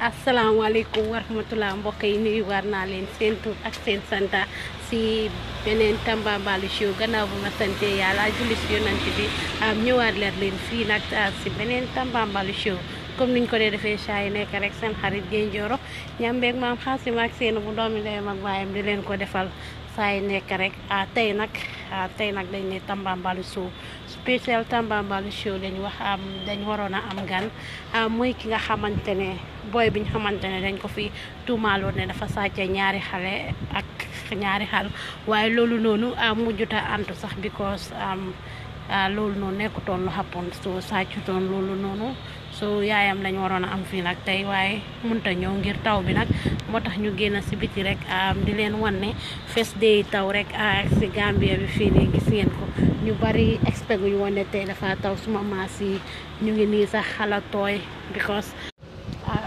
asalaamaaleykum wa rahmatulah mbokk yi nuyuwaat naa leen seen tur ak seen santa si beneen Tambambalu show gannaaw bu ma sante yàlla julli si yonant bi am ñëwaat leen fii nag ah, si beneen Tambambalu show comme niñ ko dee defee saa yi nekk rek seen xarit Dieng Njoro ñambeeg maam xaasim ak seen bu doomi ndeyam ak baayam di leen ko defal saa yi nekk rek a ah, tey nag ah tey nag dañ ne Tambambalu show spécial mbal show dañ wax am dañ warona am gan ah, moy ki nga xamantene boy biñ xamantene dañ ko fi tuumaaloon ne dafa saccé ñaari xalé ak ñaari xal waaye loolu noonu ah, mu juta antu sax because am uh, loolu noonu nekkutoon lu happen so ton lolu nonu so yaayam lañ warona am fi nak tay waye munta ñëw ngir taw bi nak motax ñu génn ci biti rek am di leen wan ne day taw rek ak ci gambia bi fi gis ngeen ko ñu bari expect gu ñu woon ne tey dafa taw suma maas yi ñu ngi nii sax xala tooy because ah,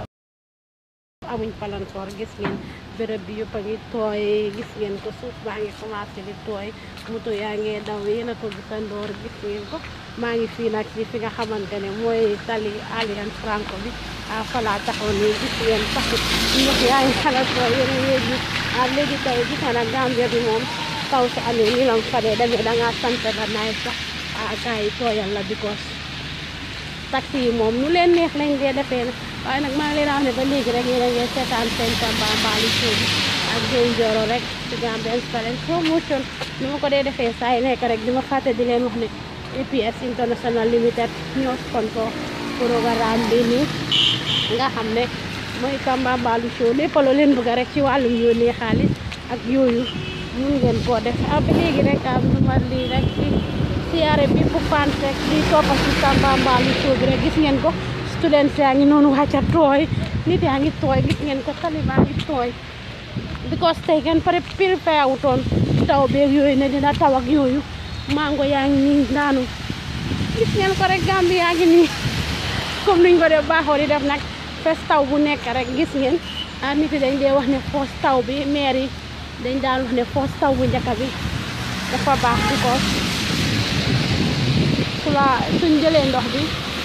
amuñ palansoor gis ngeen béréb bi yëpp a ngi tooy gis ngeen ko suuf baa ngi commencé di tooy moto yaa ngi daw yéen a ko gisandoor gis ngeen ko maa ngi fii nag ci fi nga xamante ne mooy tali Alliance Franco bi ah, fa laa taxaw nii gis ngeen sax ndox yaa ngi xala tooy yéen a ah, léegi tey gis nga nag Gambia bi moom kausa ani nilang kade dami dangasan sa banay sa agay ko yan la because taksi mom nu len neex lañ dee defee na waaye nag maa ngi leen a wax ne ba léegi rek yéen a ngi seetaan seen Promotion Nih mau ko dee defee saa yi nekk di ma fàtte di EPS International Limited news sponsor program ini. nii nga mau ikam mooy Tamba Nih pololin bukan loo leen bëgg rek ngeen ko def ab léegi rek am numa lii rek ci siyaare bi bu fant rek di toppa si Tambambalu show bi rek gis ngeen ko student yaa ngi noonu wàcca nit yaa gis ngeen ko because tey kenn pare prepare wutoon taw beeg yooyu ne dina taw ak yooyu mango yaa ngi nanu daanu gis ngeen ko rek Gambie yaa ngi nii comme nuñ ko def baaxoo di def taw bu rek gis ngeen ah nit dañ dee wax ne taw bi dañ daan wax ne foos taw bu njëkk bi dafa baax di suñ jëlee ndox bi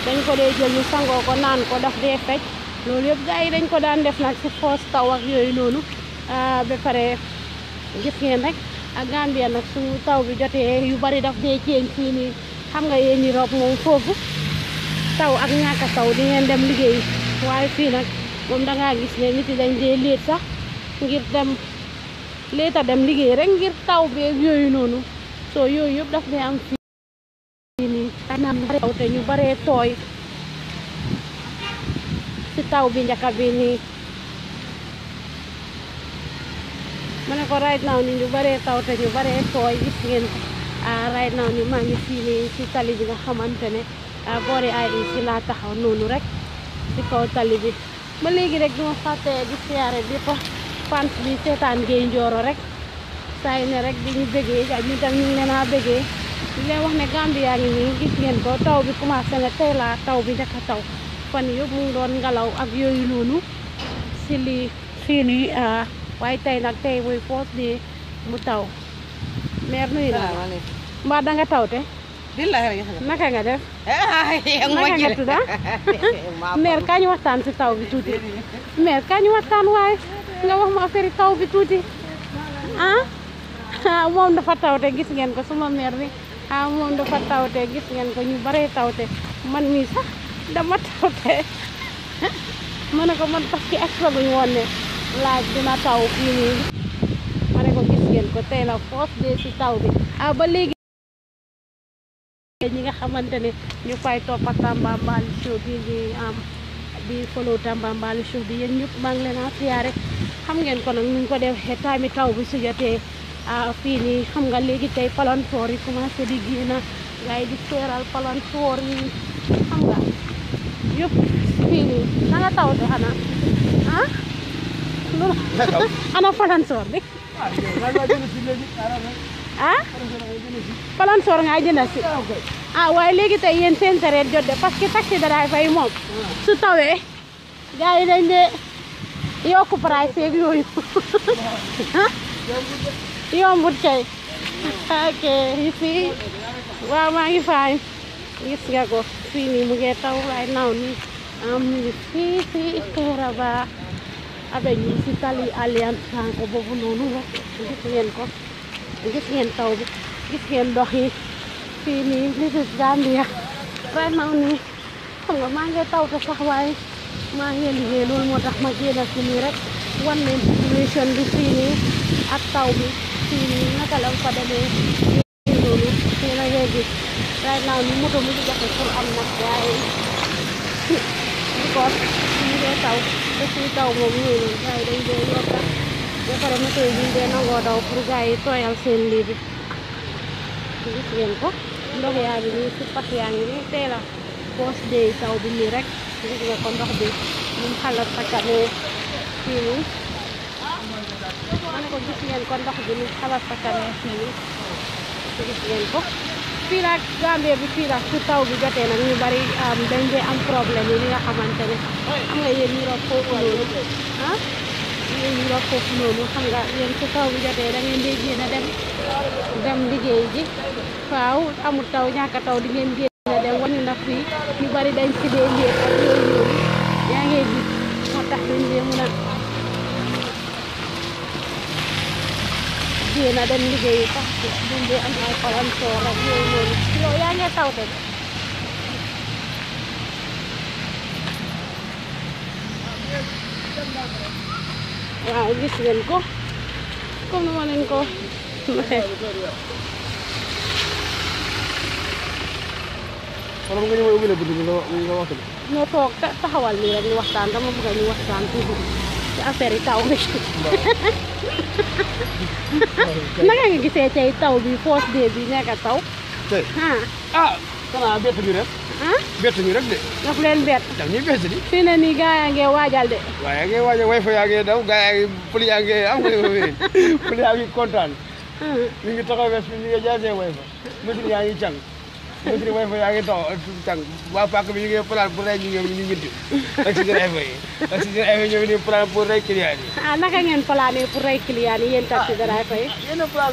dañ ko dee jël sangoo ko naan ko daf dee fecc loolu yëpp gars yi dañ ko daan def nag si foos taw ak yooyu ah, ba pare gis ngeen rek ak Gambia nag su taw bi jotee yu bari daf dee xam nga yéen Europe moom foofu taw di ngeen dem liggéey waaye fii nag moom dangaa gis ne nit yi dañ dee léet sax ngir dem leta dem liggey rek ngir taw beeg yoyu nonu so yoyu yeb daf dee am fii nii naan taw te ñu bare toy ci taw bi ñaka bi ni ko right now ni ñu bare taw te ñu bare toy gis ngeen ah right now ni ma ngi fi ni ci tali bi nga xamantene ah ay ci la taxaw nonu rek ci kaw tali bi ba léegi rek duma fàtte di siyaare bi fan bi seetaan Gueye Njoro rek saa yu ne rek bi ñu bëggee ak ñu tam ñu ngi a bëggee di leen wax ne Gambia yaa ngi nii gis ngeen ko taw bi commencé ne tey laa taw bi njëkk a taw fan yëpp mu doon ngelaw ak yooyu noonu si li fii nii ah, waaye tey nag tey mooy foos di mu taw meer nuyu na mbaa danga tawte billahi naka nga def naka nga tudd mère kaa ñu waxtaan si taw bi tuuti mère kaa ñu waxtaan waaye nga wax ma affaire taw bi tuuti ah moom dafa tawte gis ngeen ko suma mère ni ah moom dafa tawte gis ngeen ko ñu bare tawte man mii sax dama tawte ma ne ko man parce que extra bu ñu woon ne laaj dina taw fii nii ma ne ko gis ngeen ko tey la foos dee si taw bi ah ba léegi ñi nga xamante ne ñu fay topp Tamba Mbali show bi di am di follow Tamba Mbali show bi yéen ñëpp maa ngi leena a xam ngeen ko nak ñu ko def taami taw bu su jotté a fi ni xam nga léegi tey palantoor yi commencé di gina gay di feeral palantoor yi xam nga yëpp fi ni na nga taw de xanaa ah ana palantoor bi ah, ah palansoor ngay jënda si ah waaye léegi tey yéen seen sareet jot de parce que taxi daraay fay moom ah. su tawee gars dañ de yokku ya, price iya. yeeg ya, yooyu yombut kay ok you see waaw maa ngi fay gis nga ko fii nii mu ngi taw waaye naaw nii am ñu abe ni si tali Alliance Franco boobu noonu ko ยิ่เห็นโตยก่เห็นดอกฮีปีนี้นี่สุดยอดเลยแค่เมานี้ผมกับมันก็โต่าจะสักไว้มาเห็นเห็นรุ่นหมดรมาเกี่ยนสิมีรักวันนี้ดิฉันดิปีนี้อัดเต่าปีนี้น่าจะเล่าประเด็นเลยดูรี่น่าเยี่มแค่มานี้มุดมุดจะเป็นคนอันนักใหญ่ก่อนมีเต่าไปซื้อเต่างงอยู่ใช่ได้เยอะมาก ba pare moto yi ñu dee nangoo daw pour gars yi tooyal seen lii bi gis ko ndox yaa ngi nii su pat yaa ngi nii tey la poos dey taw bi nii rek gis nga ko ndox bi mu xala sakkanee fii nii man ko ko fii nii gis ngeen ko fii la Gambie taw bi jotee nag ñu bari dañ dee am problème yi nga xamante ne am nga yéen ñu roog foofu ah yéen ñi wax foofu noonu xam nga yéen su bi jotee da dee génn dem dem liggéey ji faaw amul taw ñàkk a taw di ngeen génn a dem wañu na fii bari dañ si dee léeg ak yooyu yooyu yaa ngi dem liggéeyi tax dañ dee am ay xolam soor ak yooyu yooyu yaa ngi taw te Thank waaw gis ngeen ko comme ma leen ko waxee wala nga ñëw ubbi la bunt bi nga nga wax ñoo toog taxawal nii rek ñu waxtaan dama bëgg ñu waxtaan toujours ci affaire yi taw bi ah ah dia bett bett ñu rek de daf leen bett daf ñuy bett di fi ne nii gaa yaa ngee waajal de waaye yaa ngee waajal way fa yaa ngee daw gaa yaa ngi pli yaa ngee am nga wéen pli yaa ngi kontaan ñu ngi taxaw wes bi ñu ngi jaasee way fa mësul yaa ngi càng mësul way fa yaa ngi taxaw càng waa pàkk bi ñu ngi plan pour rey ñu ñoom ñu ngi ak si drive yi ak si drive yi ñoom ñu plan pour rey client yi ah naka ngeen plané pour rey client yi yéen taxi drive yi yéen plan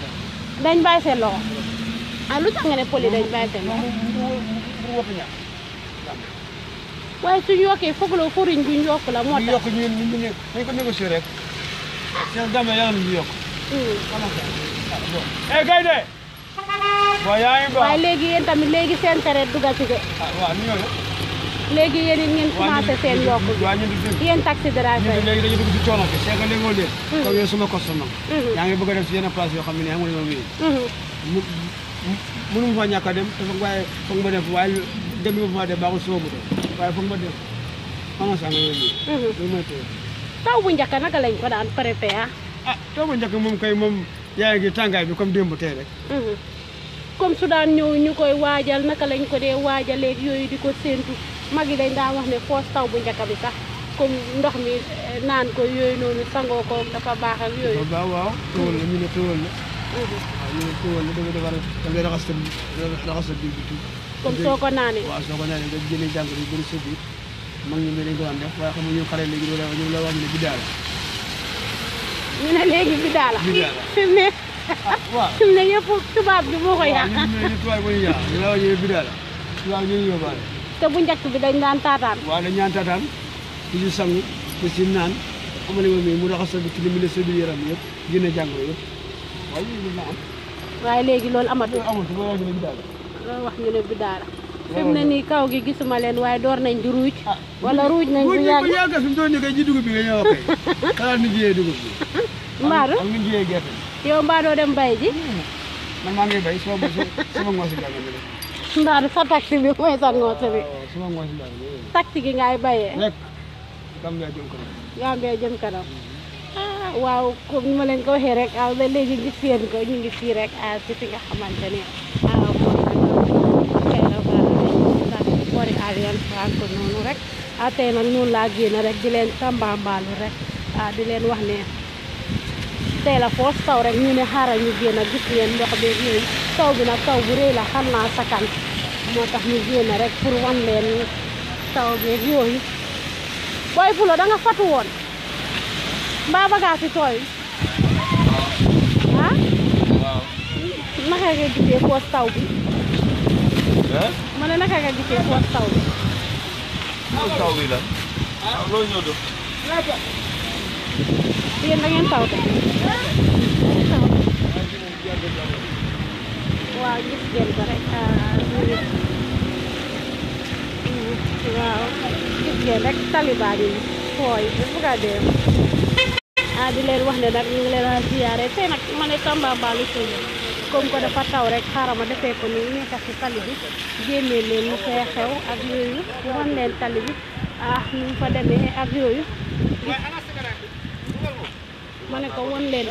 dañ bàyyi seen loxo ah lu tax nga ne poli dañ bàyyi seen loxo. waaye suñu yokkee foog la foriñ buñ yokk la moo tax. ñu yokk ñu ñu ñu dañ ko négocier rek. seen ah. gàmm yàlla ñu yokk. Hmm. eh gaynde. waaw yaa ngi baax waaye léegi yéen tamit léegi seen tere dugal ci de. ah waaw ñu léegi yéen it ngeen commencé seen yokk bi yéen taxi driver yi léegi dañu dugg ci coono bi c'est que léegoo leen comme yéen suma hmm. ngi bëgg a def si yenn place yoo xam ne ne amul yoon wi hmm. mënu ma fa ñàkk dem te foog waaye foog ma def waaye dem bi ma fa def baaxul suma waaye foog ma def xanaa sànq yoon bi hmm. taw bu njëkk naka lañ ko daan préparé ah taw bu njëkk moom kay moom yaa ngi tàngaay bi comme démb tey rek comme su daan ñëw ñu koy waajal naka lañ ko dee waajaleeg yooyu di ko séentu mag yi dañ daan wax ne foos taw bu njëkk bi sax comme ndox mi eh, naan ko yooyu noonu sangoo ko dafa baaxal ak yooyu. waaw waaw tawul la ñu ne tawul la. Mhm. waaw ñu ne tawul la da nga defar da ngay raxas sa raxas sa biir bi tuuti. ko naanee waaw soo ko naanee nga jëlee ko daan xam nga ñu xale léegi ñu la wax ne biddaa la. ñu ne léegi biddaa la. biddaa la fi mu ne. waaw fi mu ne yëpp tubaab bi moo ko yàq. ñu ne tubaab bi moo ñu yàq ñu la ñu ne biddaa la tubaab ñu te bu njëkk bi dañ daan taataan waaw dañ daan taataan di si sangu di si naan amali ma mi mu raxasoo bi ci li mu ne seen yaram yëpp génne jàngoro yëpp waaye loolu na am waaye léegi loolu amatu amatu mooy wax ne wax ñu ne bi daara fi mu ne kaw gi gisuma len waaye door nañ di ruuj wala ruuj nañ bu yàgg bu yàgg fi mu doon nekkee ji dugub bi nga ñëw kay xalaat ni jiyee dugub bi mbaadu am ni jiyee gerte yow mbaadoo dem bay ji man maa ngi bay soo so sama ngoosi gàllankoor ndax sa taxi bi mooy sa ngoote bi. waaw sama gi ngay bayee. rek Gambia jëm kanam. waaw comme ni leen ko waxee rek ah léegi gis ko ñu ngi fii rek ah si fi nga xamante ne ah moom mooy Alliance Franco noonu rek ah tey nag noonu laa génn rek di leen tambaambaalu rek di leen wax ne tey la foos taw rek ñu ne xaaral ñu génn gis ngeen ndox beeg yooyu. taw bi nag taw bi rëy la xam naa sakan moo tax ñu génn rek pour wan leen taw beeg yooyu booy bulo da nga fatu woon mbaa bagaasi tooy ah naka nga gisee foos taw bi ma ne naka nga gisee taw bi taw bi la ah, loo ñëw def taw waaw gis ngeen rek waaw gis ngeen fooy bu dem ah wax ne nag ñu leen a ziyaare tey nag ma ne Tambambalu suñu comme que dafa taw rek xaaral ma defee ko nii nekk ci tali bi génnee leen mu fee xew ak yooyu wan leen tali bi ah ni mu fa demee ak yooyu ma ne ko wan leen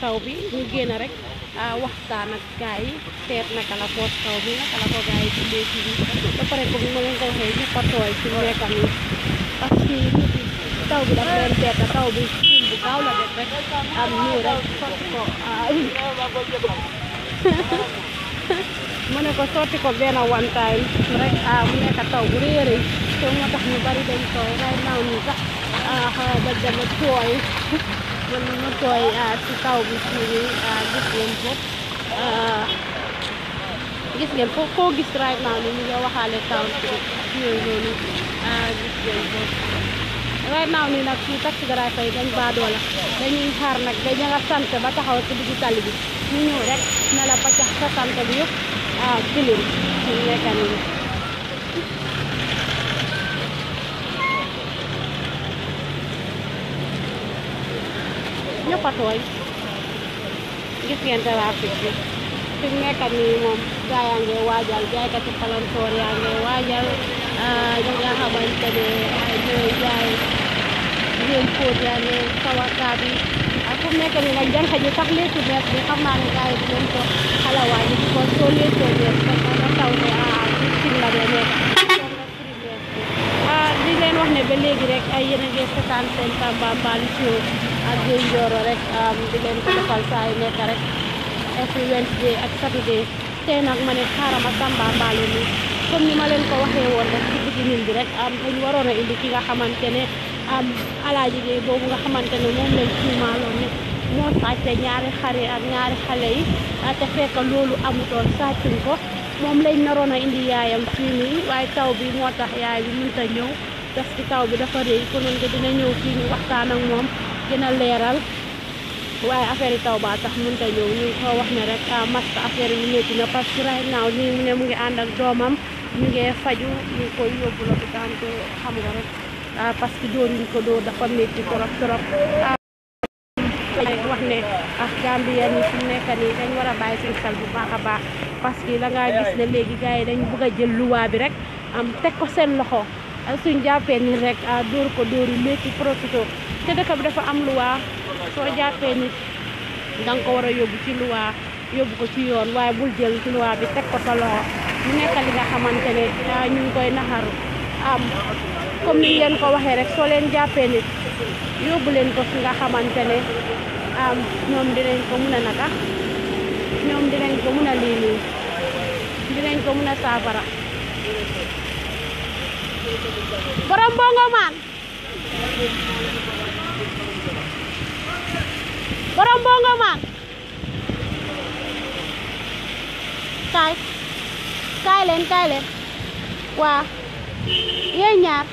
taw bi ñu génn rek waxtaan ak kai yi seet naka la poos kaw bi naka la ko gars yi tuddee ci pare comme ma leen ko waxee ñu patooy ci nekka nii parce que taw bi dafa leen teeta taw bi bu am ko ko ko one time rek ah mu nekk taw bu réere so moo tax ñu bari dañ ko right now ba man ma tooy ci kaw bi fii nii gis ngeen ko gis ni ñu nga ci yooyu noonu ah, gis dañuy xaar nag dañ nga sant ba taxaw ci digg bi ñu ñëw rek sa sant bi yëpp ah tilim ñu nekka toppatooy gis ngeen trafic bi fi mu nekk moom gaa yaa ngi waajal jaaykati palantoor yaa ngi waajal ah, ñi nga xamante ne ñooy jaay yéen póot yaa ak ah, fu mu nekk nag jànq ji sax léegi mees bi xam naa ne gaa yi di ko xala bi soo léegtoo mees parce que nga taw ne aa ah, ci cin la dee nekk di leen wax ne ba léegi rek ay yeneen ngeen seetaan seen Tambambalu show ak Gueye Njoro rek di leen ko defal rek every ak Saturday tey nag ma ne xaaral ma Tamba ni comme ni ma leen ko waxee woon rek ci digg bi rek am dañ ki nga xamante ne am alaaji Gueye boobu xamante ne moom ñaari xare ak ñaari xale yi te fekk loolu ko moom lañ naroon a indi yaayam fii waaye taw bi moo tax yaay bi mënut a ñëw def ci taw bi dafa rëy konoon nga dina ñëw fii nii waxtaan ak moom gën a leeral affaire yi taw baa tax ta ñëw ñu ko wax ne rek ah, masta affaire yi métti na parce que right now ñu mu ne mu ngi and ak domam ñu ngi faju ñu ko yobul ak tan ko xam nga rek ah parce que dóor ñu ko do dafa métti torop trop wax ne ak ah, gambia ñu fi nekk ni dañ wara bay seen xel bu baaxa baax parce que la nga gis ne léegi gaay dañ bëgg jël luwa bi rek am tek ko seen loxo suñu jappé ni rek ah, door ko dóor yi métti profito te dëkk bi dafa am luwaa soo jàppee nit da nga ko war a yóbbu ci luwaa yóbbu ko ci yoon waaye bul jël ci luwaa bi teg ko sa loxo nekk li nga xamante ne ah, ñu ngi koy naxaru am comme ni leen ko waxee rek soo leen jàppee nit yóbbu leen ko fi nga xamante ne am ñoom dinañ ko mun a naka ñoom dinañ ko mun a lii nii dinañ ko mun a borom bongo Có rombong không ạ? À? Cay Cay lên, cay lên Wow Ghê nhạt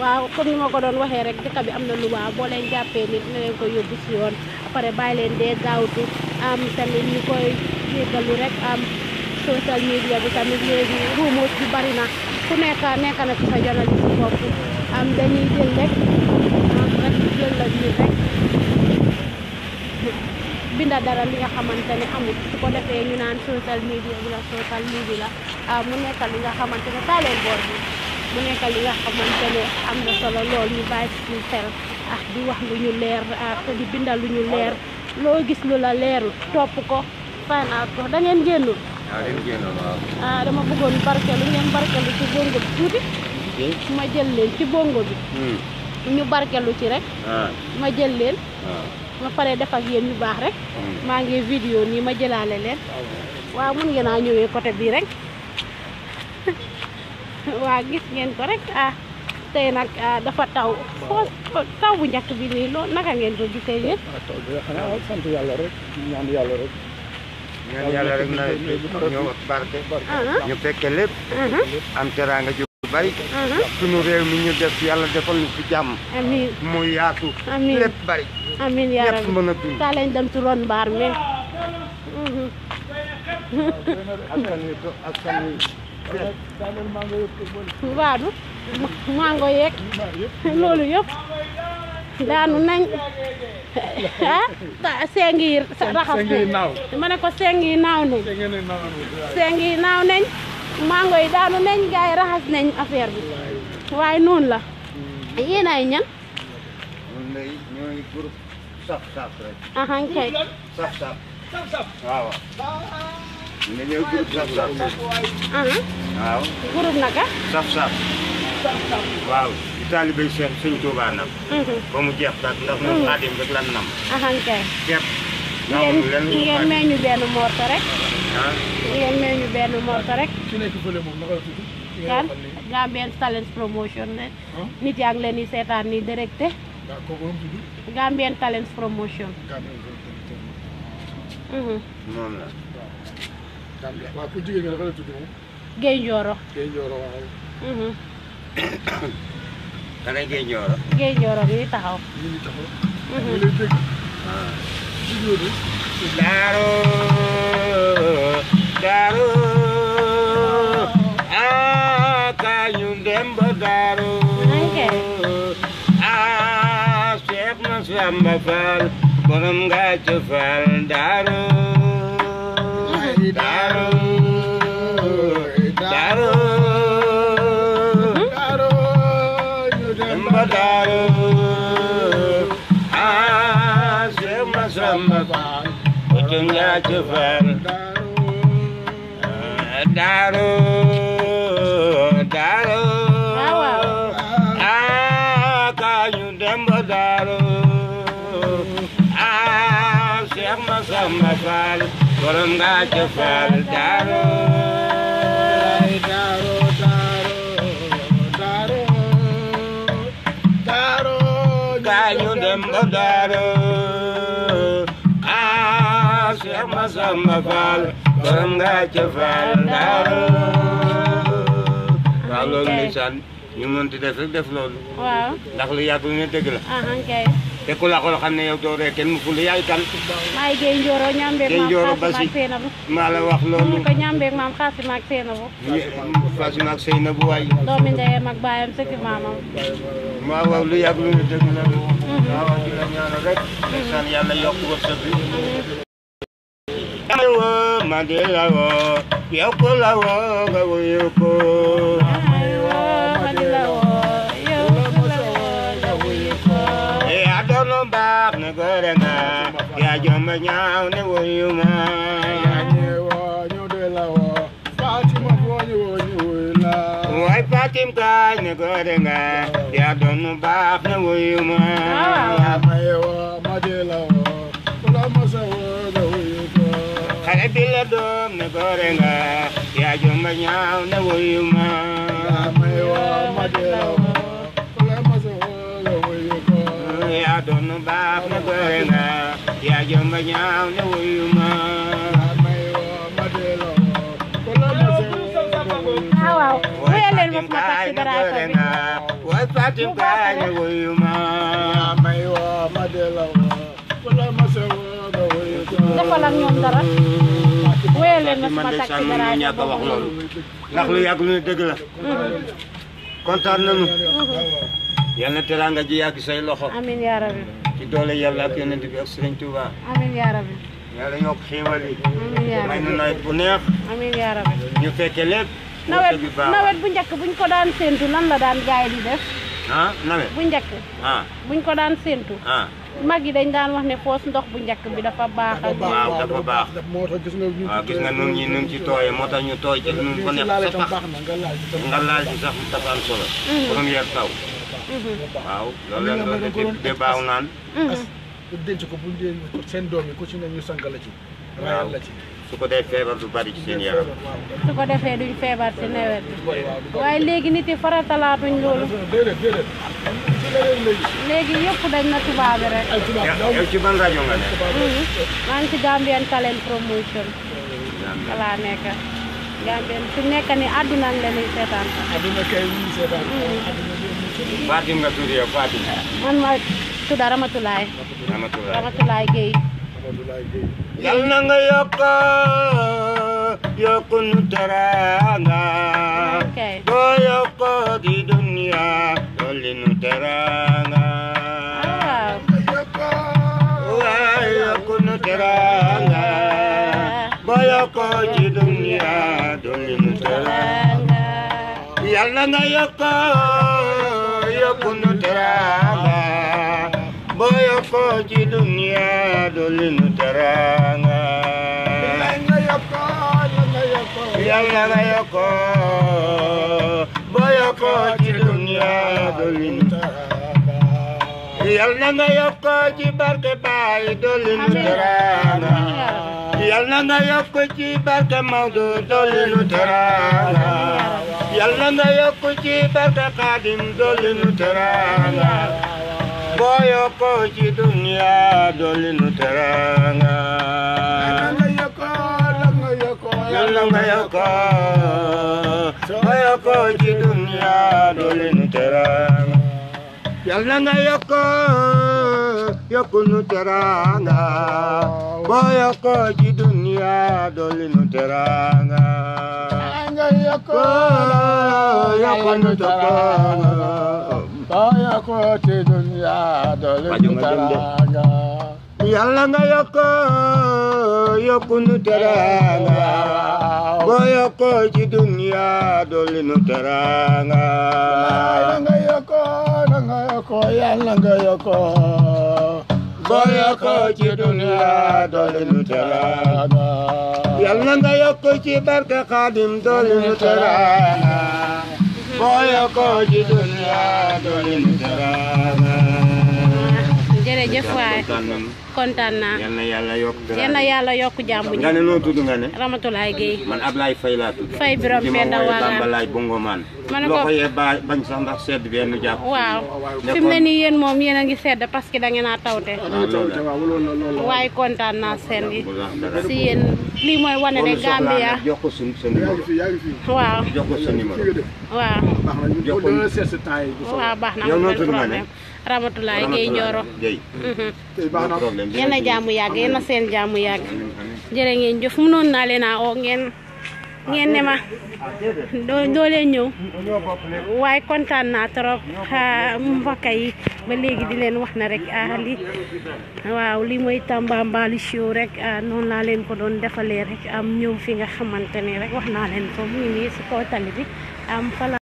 waaw comme ni ma ko doon waxee rek dëkk bi am na lên waaw boo leen jàppee nit na leen ko yóbbu si yoon après bàyyi leen dee gaawtu am tamit ñu koy jéggalu rek am social media bi tamit léegi ruumus bi bari na ku nekk nekk na ci sa journaliste bopp am dañuy jël rek am rek jël la rek binda dara li nga xamante ne su ko defee ñu naan social media bi la social media la ah mu nekk li nga xamante ne taaleen bi mu nekk li nga xamante am na solo lool ñu bàyyi ci suñu ah di wax lu ñu leer ah te di binda lu ñu leer loo gis lu la leeru topp ko fanaan ko da ngeen ah dama iya. bëggoon hmm. ah. ah. eh. hmm. ni ma jëlalé leen waaw mën ngeen ñëwé côté e bi rek eh. waa gis ngeen ko rek eh. ah tey nak ah, dafa taw taw bu ñak bi ni lo naka ngeen ko gisee yeen taw bi xana sant yalla rek ñaan yalla rek ñaan yàlla rek nawet bi ñëw ak barke uh-huh. ñu fekke lépp uh-huh. am teraanga ju bari uh-huh. sunu réew mi ñu def yàlla defal ñu fi jàmm amiin mu yaatu lépp bari amiin yaa mën a dund kaa dem ci ron mbaar mi waadu mango yeeg loolu yëpp daanu nañ ah seng yi raxas nañ ma ne ko seng naaw nañ seng naaw nañ mango yi daanu nañ gars yi raxas nañ affaire bi waaye noonu la yéen ay ñan saf saf rek. saf saf. saf saf. waaw. taalibe sen Sëñ Tuubaa nag mhm. ba mu jeex kat ndax moom mhm. xaadim rek lan nam ahankay képp ngeen may ñu benn morto rek ah ngeen may ñu morto rek kan Gambian Talents Promotion ne ah. nit yaa ngi leen di seetaan directe Gambian Talents Promotion mhm. moom la waaw ku jigéen nga dafa la tudd moom Gaye Njoro Gaye cái Karena dia nyorok. Dia ah ini tahu. Ini tahu. Elektrik. ah daro, akayun dembo daro, asyik nasamba fal, bonam gajofal daro, daro. nga ci fan daaru daaru ah ka ñu dem ah Cheikh Massamba Fall borom nga ci Fall daaru Ka ñu dem ba daaru Cheikh Massamba Fall borom nga ca Fall Daaru waaw loolu ndeysaan ñu mënti def rek def loolu waaw ndax lu yàgg lu ne dëgg la maa la wax loolu ko ñambeeg maam xaasi maag seynabu xaasi maag seynabu waay doomi ndeyam ak baayam sëkki maamam waaw waaw lu yàgg lu ne dëgg la mhm. waaw di la ñaanal rek mhm. ndeysaan yàlla yokk wërsëg bi mhm. Ayo madilawo yoko lawo gawo yoko. Ayo madilawo yoko lawo gawo yoko. E adono bak ne gorenga ya joma nyao ne wo yuma. Wai patim ka ne gorenga ya dono bak ne wo yuma. Ayo madilawo kulamosawo. xale bi la doom ne gore nga yaa jomba ñaaw ne wuyu ma may woo ma delaw kula ma sa wala wuyu ko yaa doon baax ne gore nga yaa jomba ñaaw ne wuyu ma may woo ma delaw kula ma sa wala wuyu ko waaw wuyal leen ma suma taxi garage bi wa fatim ka ne wuyu ma may woo ma delaw kula ma sa wala wuyu ko defal ak ñoom dara bàyyi leen ma sama taxi garage ñàkk a wax loolu ndax lu yàgg lu ne dëgg la kontaan nañu mhm. yal na teraanga ji yàgg say loxo amiin yaa rabbi ci doole yàlla ak yonent bi ak Sëriñ Tuuba amiin yaa rabbi yi bu neex amiin ñu fekke lépp nawet nawet bu njëkk buñ ko daan séentu lan la daan gaay di def ah nawet bu njëkk ah. buñ ko daan séentu ah. mag yi dañ daan wax ne foos ndox bu njëkk bi dafa baax ak waaw dafa baax moo gis nga waaw gis nga noon ñi nun ci tooyee moo tax ñu tooy ci nun ko nekk sa tax nga laal ci sax dafa am solo mm-hmm. première taw waaw loolu la doon def de baaw naan mm-hmm. denc ko bu ñu seen doom yi ku ñu sang la ci rayal la ci su ko dee feebar du bari ci seen yaram su ko defee duñ feebar ci nawet bi waaye léegi nit yi faratalaatuñ loolu léegi yëpp dañ na tubaab rek. yow ci rajo nga nekk. Mm-hmm. maa ci Gambian Talent Promotion. laa nekk. Gambian fi nekk ni àdduna la ñuy seetaan. àdduna kay ñuy seetaan. Mm-hmm. man ma tudd Ramatulaay. Ramatulaay na nga yokk yokku nu teraanga. ok boo yokk di dunya nu teraanga waay yokku nu teraanga boo yokkoo ci dunya dolli nu teraanga yal na nga yokkoo yokku nu teraanga boyokoo ci duniyaa dolli nu teraanga yal na nga yokkoo ci barke baay dolli nu teraanga yal na nga yokku ci barke Maodo dolli nu teraanga yal na nga yokku barke Xaadim dolli nu teraanga boyokoo ci duniyaa lang yoko, ko mayo ko ci dunya doo leen teraanga yàlla na yokk yokk nu teraanga boo yokk ci dunya doo leen teraanga yokk yokk nu teraanga boo yokk yàlla nga yokk yokk nu teraanga boo yokk ci dunya dolli nu teraanga yàlla nga yokk nga yokk nga yokk boo yokk ci dunya dolli nu teraanga yàlla nga yokk ci barke Xaadim dolli nu teraanga boo yokk ci dunya dolli nu teraanga kontana naa. yal na yàlla yokk dara yal na yàlla jambu jàmbu ji. nga ne noo tudd man Ablaye Faye laa tudd. Faye Biram Penda Walaan di ma woowee Bambalaay Bongoman. loxo yee bañ sax ndax sedd bi nu waaw fi mu ne nii yéen ngi sedd parce que da tawte. Ah, yi. si Gambia. waaw numéro. waaw. waaw yow Ramatoulaye Gueye Nioro mhm. yéen a jaamu yàgg yéen seen jaamu yàgg jërë ngeen jëf mënoon naa leen a oo ngeen ngeen ma doo doo leen ñëw waaye kontaan naa trop mbokk yi ba léegi di leen wax na rek ah waaw lii mooy Tamba Mbali Show rek ah, noonu laa leen ko doon defalee rek am ñëw fi nga xamante ne rek wax naa leen ko mu nii si kaw tali am fa laa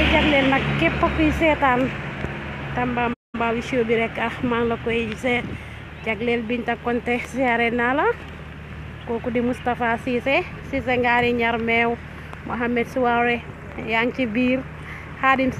koy jagleel nag képp kuy seetaan Tamba Mbaaw show bi rek ah maa ngi la koy jagleel Binta Konte siyaare naa la kooku di Moustapha Cissé Cissé ngaari ñar meew Mohamed Souare yaa ngi ci biir Xaadim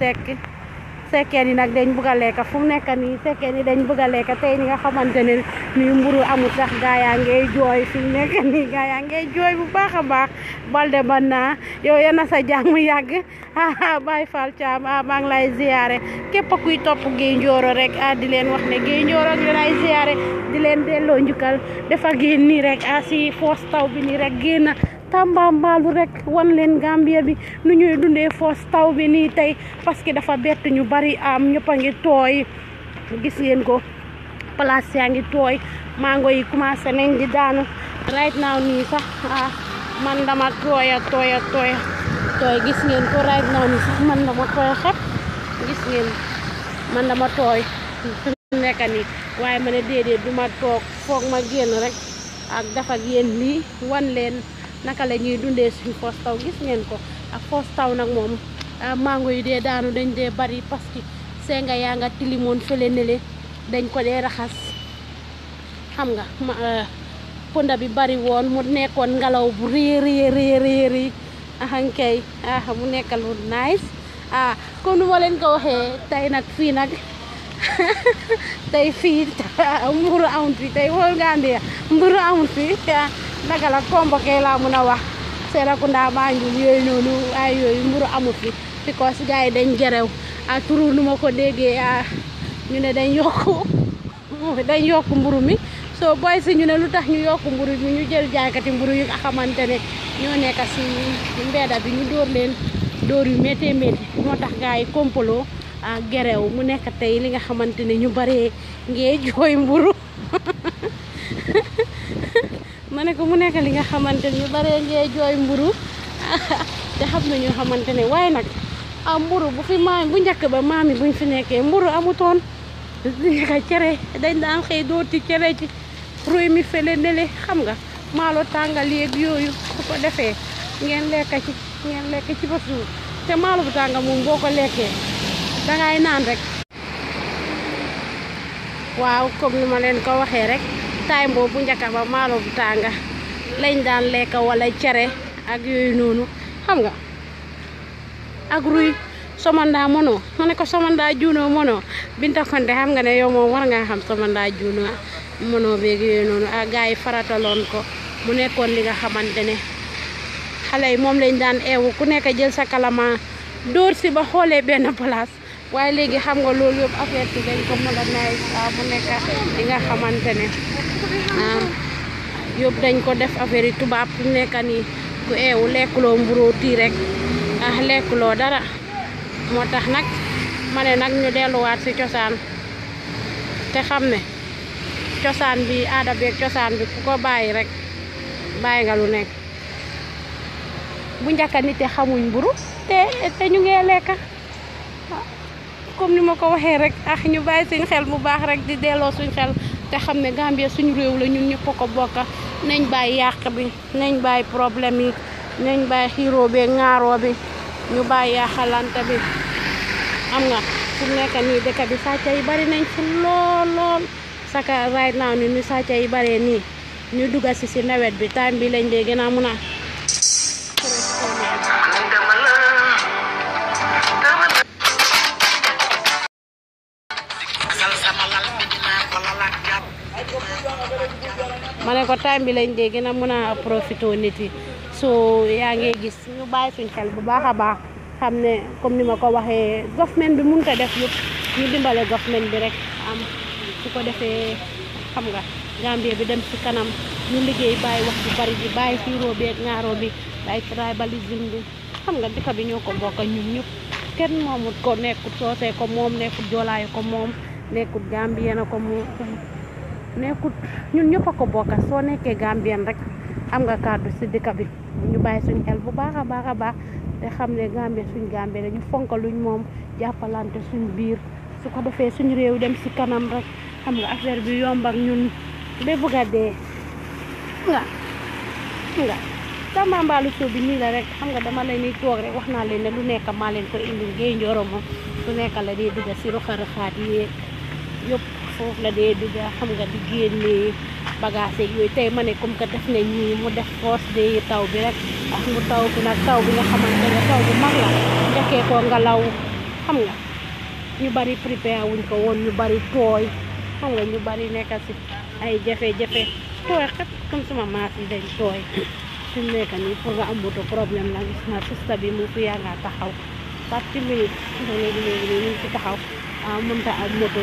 sekkeen yi nag dañ bëgg a fu mu nekk nii sekkeen yi dañ bëgg a lekk tey ni nga xamante ne nii mburu amul sax gaa yaa ngay jooy fi mu nekk nii yaa ngay jooy bu baax a baax balde ban naa yow na sa mu yàgg ah, Baye Fall Thiam ah, maa ngi lay ziyaare képp kuy topp Gueye Njoro rek a ah, di leen wax ne Gueye Njoro ak lay ziyaare di leen delloo njukkal dafa génn nii rek a si foos taw bi nii rek génn tàmbaambaalu rek wan leen Gambia bi nu ñuy dundee foos taw bi nii tey parce que dafa bett ñu bari am ñëpp a ngi tooy gis ngeen ko place yaa ngi tooy mango yi commencé nañ di daanu right now nii sax ah, man dama tooya tooya tooya tooy gis ngeen ko right now nii sax man dama tooy xet gis ngeen man dama tooy nekka waaye ma ne déedéet duma toog foog ma génn rek ak dafa génn lii wan leen naka la ñuy dundee suñu foos gis ngeen ko ak foos taw nag moom ah, mango yu dee daanu dañ dee bari parce que seenga yaa nga tilimoon fële nele dañ ko dee raxas xam nga ah, ponda bi bari woon mu nekkoon ngelaw bu rëy rëy rëy rëy rëy mu nekka lu nice ah ma leen ko waxee tey nag fii nag tey fii mburu amut fi tey wol nga mburu amut fi ah. naka la Kombo kay laa mun a wax Serekunda Banjul yooyu noonu ay yooyu mburu amu fi because gars yi dañ gerew a turu nu ma ko déggee a ñu ne dañ yokku dañ yokku mburu mi soo boy ñu ne lu tax ñu yokku mburu mi ñu jël jaaykati mburu yi nga xamante ne ñoo nekk si mbeeda bi ñu dóor leen dóor yu méttee métti moo tax gars yi kompaloo gerew mu nekk tey li nga xamante ne ñu bare ngee jooy mburu ma ne mu nekk li nga xamante ni baree ngee jooy mburu te xam na ñu xamante ne waaye nag ah mburu bu fi maam bu njëkk ba maam yi buñ fi nekkee mburu amutoon li nga cere dañ daan xëy dooti cere ci ruy mi fële nele xam nga maalo tàngal yeeg yooyu su ko defee ngeen lekk ci ngeen lekk ci ba suur te maalo bu tànga moom boo ko lekkee dangay naan rek waaw comme ni ma leen ko waxee rek time boobu bu njëkk ba maalo bu tànga lañ daan lekk wala cere ak yooyu noonu xam nga ak ruy somanda mënoo ma ne ko somanda juuno mënoo binta konte xam nga ne yow moom war nga xam somandaa juuno mono beeg yooyu noonu a ah, gars yi farataloon ko mu nekkoon li nga xamante ne xale yi moom lañ daan eewu ku nekk jël sa kalama dóor si ba xoolee benn place waaye léegi xam nga loolu yëpp affaire bi dañ ko mën a naay bu nekk li nga xamante ne ah, yëpp dañ ko def affaire tubaab bu nekk ni ku eewu lekkuloo mburu tii rek ah, lekkuloo dara moo tax nag ma ne nag ñu delluwaat si cosaan te xam ne cosaan bi aada beeg cosaan bi ko bàyyi rek bàyyi nga lu nekk bu njëkk nit yi xamuñ mburu te ñu ngi lekk comme ni ma ko waxee rek ah ñu bàyyi suñ xel bu baax rek di delloo suñ xel te xam ne Gambia suñu réew la ñu ñëpp ko bokk nañ bàyyi yàq bi nañ bàyyi problème yi nañ bàyyi xiiroo bi ŋaaroo bi ñu bàyyi yàqalanta bi am na su nekk nii dëkk bi sàcca yi bari nañ fi lool lool saka right now ni ñu sàcca yi baree nii ñu dugal si si nawet bi time bi lañ dee gën a mun a ma ko time bi lañ dee gën a mën a profité nit yi so yaa ngi gis ñu baay suñ xel bu baax a baax xam ne comme ni ma ko waxee government bi mënut a def yëpp ñu dimbale government bi rek am su ko defee xam nga Gambie bi dem ci kanam ñu liggéey bàyyi wax bu bari bi bàyyi xiiroo bi ak ñaaroo bi bàyyi tribalisme bi xam nga dëkk bi ñoo ko bokk ñun ñëpp kenn moomut ko nekkut soosee ko moom nekkut joolaayu ko moom nekkut Gambie na ko moom. nekut ñun ñëpp ko bokka soo nekkee Gambien rek am nga kàddu si dëkk bi ñu bàyyi suñ xel bu baax a baax a baax te xam ne Gambie suñ Gambie la ñu fonka luñ moom jàppalante suñ biir su ko defee suñ réew dem si kanam rek xam nga affaire bi yomb ak ñun ba bëgg a dee nga nga tamambaalu soo bi nii la rek xam nga dama lay ni toog rek wax naa leen ne lu nekk maa leen ko indi ngeen joroma su nekk la dee dugg si ruxa ruxaat yëpp foofu la dee dugg xam nga di génnee bagage ak yooyu tey ma ne comme que def nañ nii mu def force de taw bi rek ak mu taw bi nag taw bi nga xamante ne taw bu mag la njëkkee ko ngelaw xam nga ñu bari préparé wuñ ko woon ñu bari tooy xam nga ñu bari nekk ci ay jafe-jafe tooy xet comme sama maas yi dañ tooy fi mu nekk nii pour nga am moto problème la gis naa bi mu fi yaa nga taxaw 30 minutes léegi léegi nii ñu ngi ci taxaw ah, mënta am moto.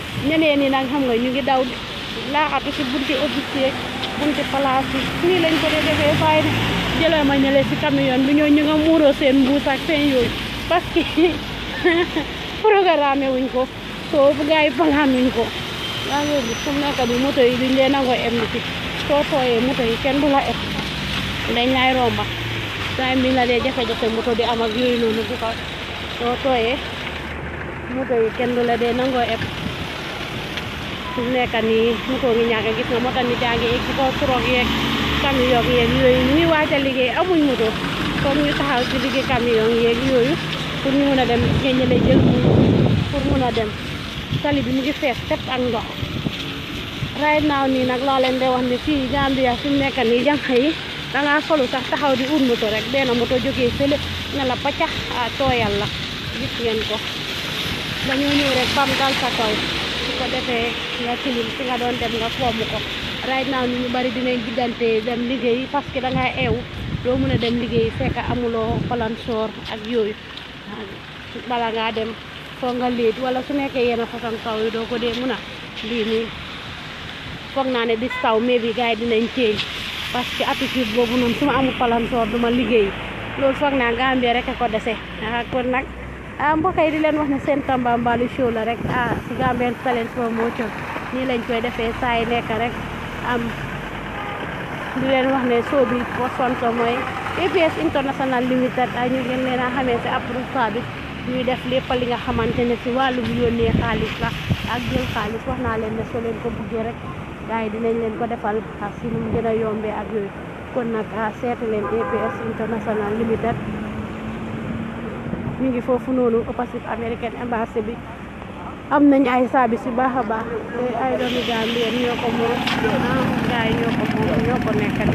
ñene ni nag xam nga ñu ngi daw laaxatu si bunti office yeeg bunti place yi nii lañ ko dee defee fay na jëlee ma ñële si camion bi ñoo ñu nga muuroo seen mbuus ak seen yooyu parce que programme wuñ ko soo gars yi plan wuñ ko daa ngi gis fu mu nekk bi moto yi duñ leen nangoo em ci soo tooyee moto yi kenn du la em dañ lay romba time bi la dee jafe-jafe moto di am ak yooyu noonu bu ko soo tooyee moto yi kenn du la dee nangoo em fu mu nekk nii ñu ko ngi ñàkk gis nga moto nit yaa ngi egg ci kaw troog yeeg yooyu ñuy waaj a liggéey amuñ moto comme ñu taxaw ci liggéey camion yeeg yooyu pour ñu mun a dem nga ñële jël pour mun a dem tali bi mu ngi fees tepp ak ndox right now nii nag la leen de wax ni fii Gambia fi mu nekk nii jànq yi solu sax taxaw di ut moto rek benn moto jógee fële ne la paccax a ah, tooyal la gis ngeen ko dañoo ñëw rek bam dal sa ko defee nga tilim fi nga doon dem nga foomu ko right now ñu bari dinañ diggante dem liggéey parce que da eewu doo mën a dem liggéey fekk amuloo palansoor ak yooyu bala ngaa dem foog nga liit wala su nekkee yenn façon taw yi doo ko dee mën a lii foog naa ne bis taw mais bi gars yi dinañ change parce que attitude boobu noonu su ma amul palansoor du ma liggéey loolu foog naa Gambia rek a ko dese kon nag. mbokay di len wax ne tamba mbalu show la rek ah si Gambian Talents Promotion ni lañ koy defé say nek rek am di len wax ne show bi sonto moy EPS International Limited ñu ngeen leena xamé ci approu ab bi ñu def lepp li nga xamantene ne walu bu yone xaliss la ak jël xaliss wax na len ne so len ko buggee rek gaay dinañ len ko defal ak nu mu gën ak yoy kon a sét len EPS International Limited ñu ngi fofu nonu opposite américaine Embassy bi am nañ ay service yu baax a baax te ay doomi gambie ñoko mo moom gars yi ñoo ko moom ñoo ko nekkat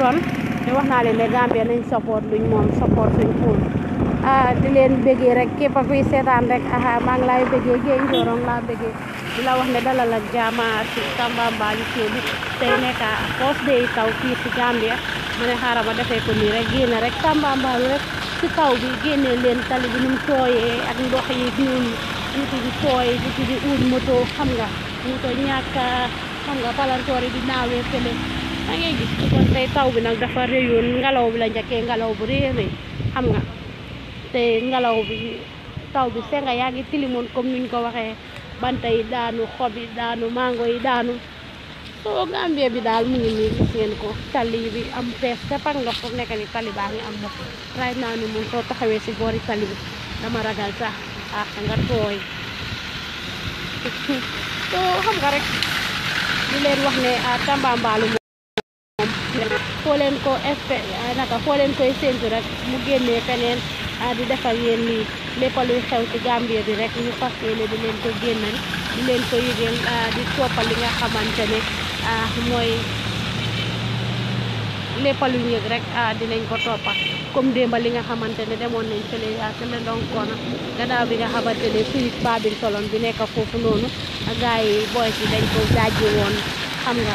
ron te wax naa leen ne gambie nañ support luñ moom support suñ pool ah di leen bëggee rek képp a kuy seetaan rek aha maa ngi laay bëggee géej njooroon laa bëggee di la wax ne dalal ak jaama ci tambamba ñu ci tay nekk nekk first day taw fii ci Gambia ma ne xaaral ma defee ko nii rek génne rek tàmbaambaalu rek ci kaw bi génne leen tali bi nu mu tooyee ak ndox yi ñun tuuti di tooy tuuti di uut moto xam nga moto ñàkk xam nga palantoor yi di naawee fële da ngay gis kon tey taw bi nag dafa réyoon ngelaw bi la njëkkee ngelaw bu réeré xam nga te ngelaw bi taw bi senga yaa ngi tilimoon comme nuñ ko waxee banta yi daanu xob yi daanu mango yi daanu soo Gambie bi daal mu ngi nii gis ngeen ko tali bi am fees te par nga fu nekk ni tali baa ngi am ndox right now ni moom soo taxawee ci boori tali bi dama ragal sax ah nga tooy so xam nga rek di leen wax ne ah, Tambambalu moom foo leen ko expect ah, naka foo leen koy séntu rek mu génnee feneen Ah, di defal yéen lii lépp luy xew ci Gambia bi rek ñu fas yéene di leen ko génnal di leen ko yëgal ah, di toppal li nga xamante ne ah, mooy lépp lu yëg rek dinañ ko toppal comme démba li nga xamante ne demoon nañ fële kële ndonkoona gannaaw bi nga xamante ne fii babin bi nekk foofu noonu gars yi boy si dañ ko dajji woon xam nga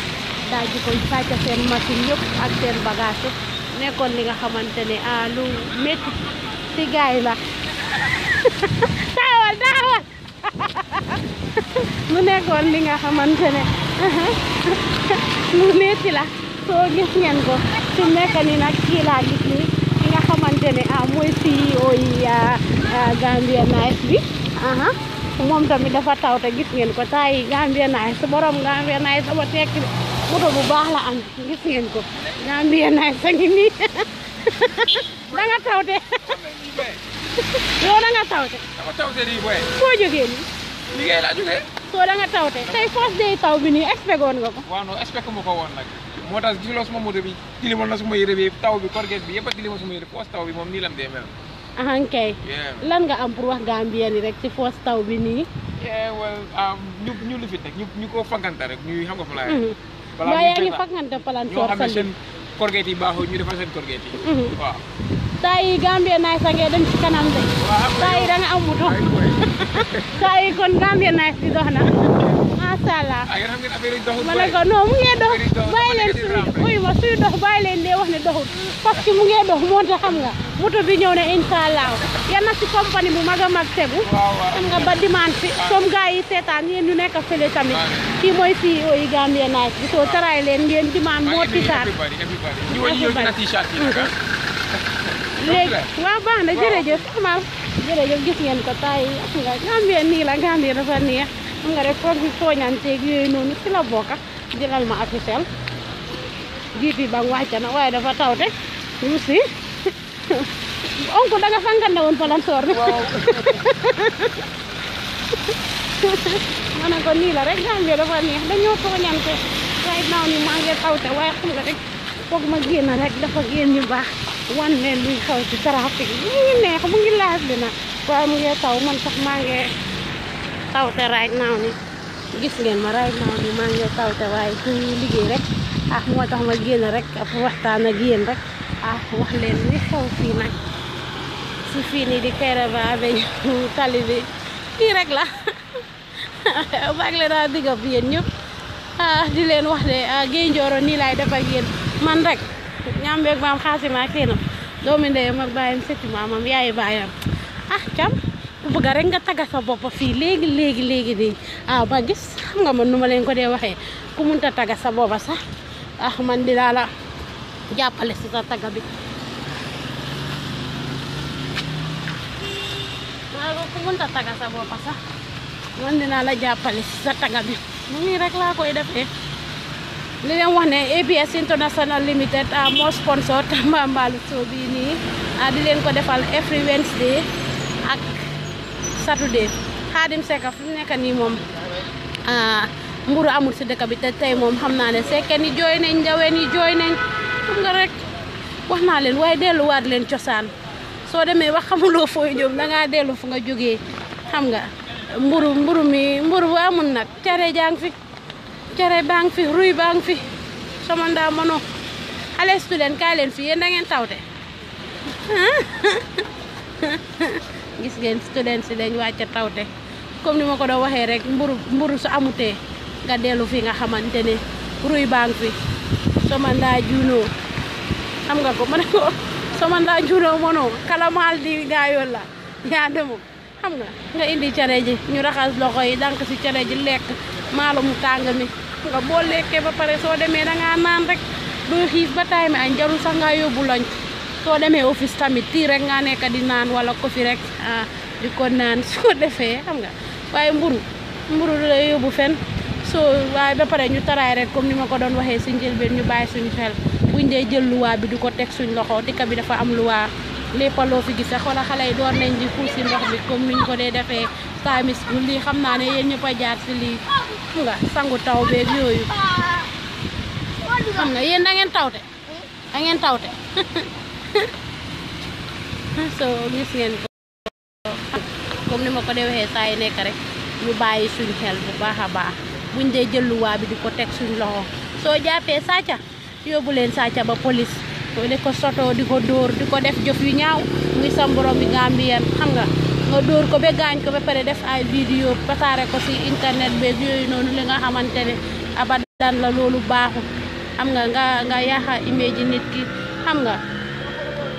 dajji ko sàcc seen machine yëpp ak seen bagage nekkoon li nga xamante ne lu métti si gaay la taawal taawal mu nekkoon li nga xamante ne mu metti la soo gis ngeen ko su nekk ni nag kii laa gis ni ki nga xamante ne ah mooy CEO yi ah, ah, Gambia Nice bi aha moom tamit dafa taw te gis ngeen ko taa yi Gambia Nice borom Gambia Nice sama tekki moto bu baax la am gis ngeen ko Gambia Nice a nii nggak tahu deh. Lo nggak tahu deh. Nggak tahu sih di buat. Kau juga ini. Eh? dia lah juga. Kau nggak tahu deh. Saya first deh tahu bini. Expect kau nggak kok? Wano, expect kamu kawan wano lagi. Motor gila semua mau debi. Dili mau langsung mau Tahu bi korget bi. Apa dili mau semua debi? Post tahu bi mau nilam dia mel. Ah oke. Lain nggak amperuah gambian direct. Si first tahu bini. Yeah well, um, new new live it. New new kau fangkan tarik. New hamba mhm. pelan. Bayar ni fangkan depan sorsan. corgette yi baaxoo ñu seen corgette yi. Mhm. waaw. saa yi Gambien naay sangee dem ci kanam de. waaw saa yi da kon Gambien naay si dox macha allah ma ne ko non mu ngee dox bàyyi leen suy uy ma suy dox bàyyi leen dee wax ne doxul parce mu ngee dox moo tax xam nga moto bi ñëw na incha allah na si compagnie bu mag a mag tegu xam nga ba dimaan fi ah. comme gars yi seetaan yéen ñu nekk fële tamit ah. kii mooy si e ooyi Gambia naaj bi soo taraay leen ngeen dimaan ah, moo tisaat léegi waaw baax na jërëjëf maam jërëjëf gis ngeen ko tay xam nii la Gambia dafa neex engrais foog bi tooñanteeg yooyu nonu ci la bokka jëlal ma ak sel ji bi ba wàcc na way dafa tawte ruusi daga danga sàngane won palansoor bi ma ne ko ni la rek Gambie dafa neex dañoo tooñante way naaw ni ma ngi tawte waaye xam nga rek foog ma génn rek dafa génn ñu bax wan ne luy xaw ci trafic mu neex mu ngi laas dina nag mu ngi taw man sax ma ngi tawte right now ni gis ngeen ma right now ni maa liggéey rek ah moo tax ma génn rek fu waxtaan ah, wax leen li xew fii nag si fii nii di Kairaba Avenue tali bi fii rek la baag leen a digg ab yéen ñëpp ah di leen wax ne ah, Gaye Njoro nii laay def man rek ñaam beeg maam xaasimaa keenam doomi ndeyam ak baayam sëti maamam yaayi baayam ah cam pagarenga taga sa bopp fii legi legi léegi nii ah ba gis xam nga man nu ma leen ko dee waxee ku munta taga sa ah man dinaa la jàppale si sa taga bi maa ku munta taga sa booba sax man dinaa la jàppale si sa taga bi mu nii rek koy li ABS International Limited moo sponsor tambah show bii nii ah di leen ko defal every Wednesday Saturday Xaadim Seck fu mu nekk nii moom ah, mburu amul si dëkk bi te tey moom xam naa ne Seck ni jooy nañ njaween yi jooy nañ xam nga rek wax naa leen waaye delluwaat leen cosaan soo demee wax xamuloo fooy jëm dangaa dellu fu nga jógee xam nga mburu mburu mi mburu bu amul nag cere jang fi cere bang fi ruy bang fi sama ndaa mënoo xale student kaay leen fi yéen da ngeen tawte gis ngeen student si dañ wacce tawte comme nima ko do waxe rek mburu mburu su amutee nga delu fi nga xamantene ruy fi somanda juno xam nga ko ko somanda juunoo mono kalamaal di gaayoon la ya demu xam nga nga indi cere ji ñu raxas loxo yi dank si cere ji lekk maalo mu mi nga bo lekke ba pare so da nga nan rek do xiss ba tay mi an jaru sa nga yobul lanc soo demee office tamit tii rek nga nekk di naan wala kofi rek ah di ko naan su ko defee xam nga waaye mburu mburu du la yóbbu fen soo waaye ba pare ñu taraay rek comme ni ma ko doon waxee si njëlbeen ñu bàyyi suñu xel buñ dee jël luwaa bi di ko teg suñ loxo dikka bi dafa am luwaa lépp loo fi gis wala xale yi door nañ di xuus si ndox bi comme niñ ko dee defee saamis bu lii xam naa ne yéen ñëpp a jaar si lii xam nga sangu taw beeg yooyu xam nga yéen da ngeen tawte da tawte so gis ngeen ko comme ni ma ko dee waxee saa yi nekk rek ñu bàyyi suñ xel bu baax a baax buñ dee jël bi di ko teg suñ loxo soo jàppee sàcca yóbbu leen sàcca ba police de ko soto di ko dóor di ko def jëf yu ñaaw muy sa borom bi Gambien xam nga nga dóor ko ba gaañ ko ba pare def ay vidéo pasaare ko si internet beeg yooyu noonu li nga xamante ne abadan la loolu baaxul xam nga nga nga yàqa image nit ki xam nga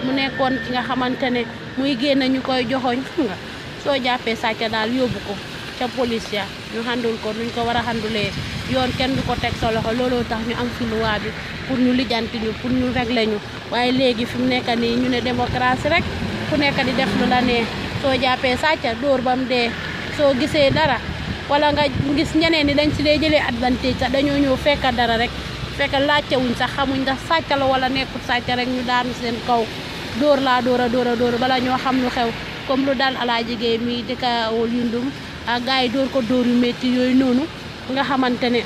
mu nekkoon ki nga xamante ne muy génn ñu koy joxoñ xam nga soo jàppee sàcc daal yóbbu ko ca police ya ñu xandul ko nuñ ko war a xandulee yoon kenn du ko teg solo loxo looloo tax ñu am fi luwaa bi pour ñu lijjanti ñu pour ñu régler ñu waaye léegi fi mu nekk nii ñu ne démocratie rek ku nekk di def lu la nee soo jàppee sàcc dóor ba mu dee soo gisee dara wala nga gis ñeneen ni dañ si dee jëlee advantage sax dañoo ñëw fekka dara rek fekk laajte wuñ sax xamuñ ndax sàcc la wala nekkul sàcc rek ñu daanu seen kaw dóor laa dóor a dóor a dóor bala ñoo xam lu xew comme lu daal Alaaji Gaye mi dëkka wal yundum gars yi dóor ko dóor yu métti yooyu noonu nga xamante ne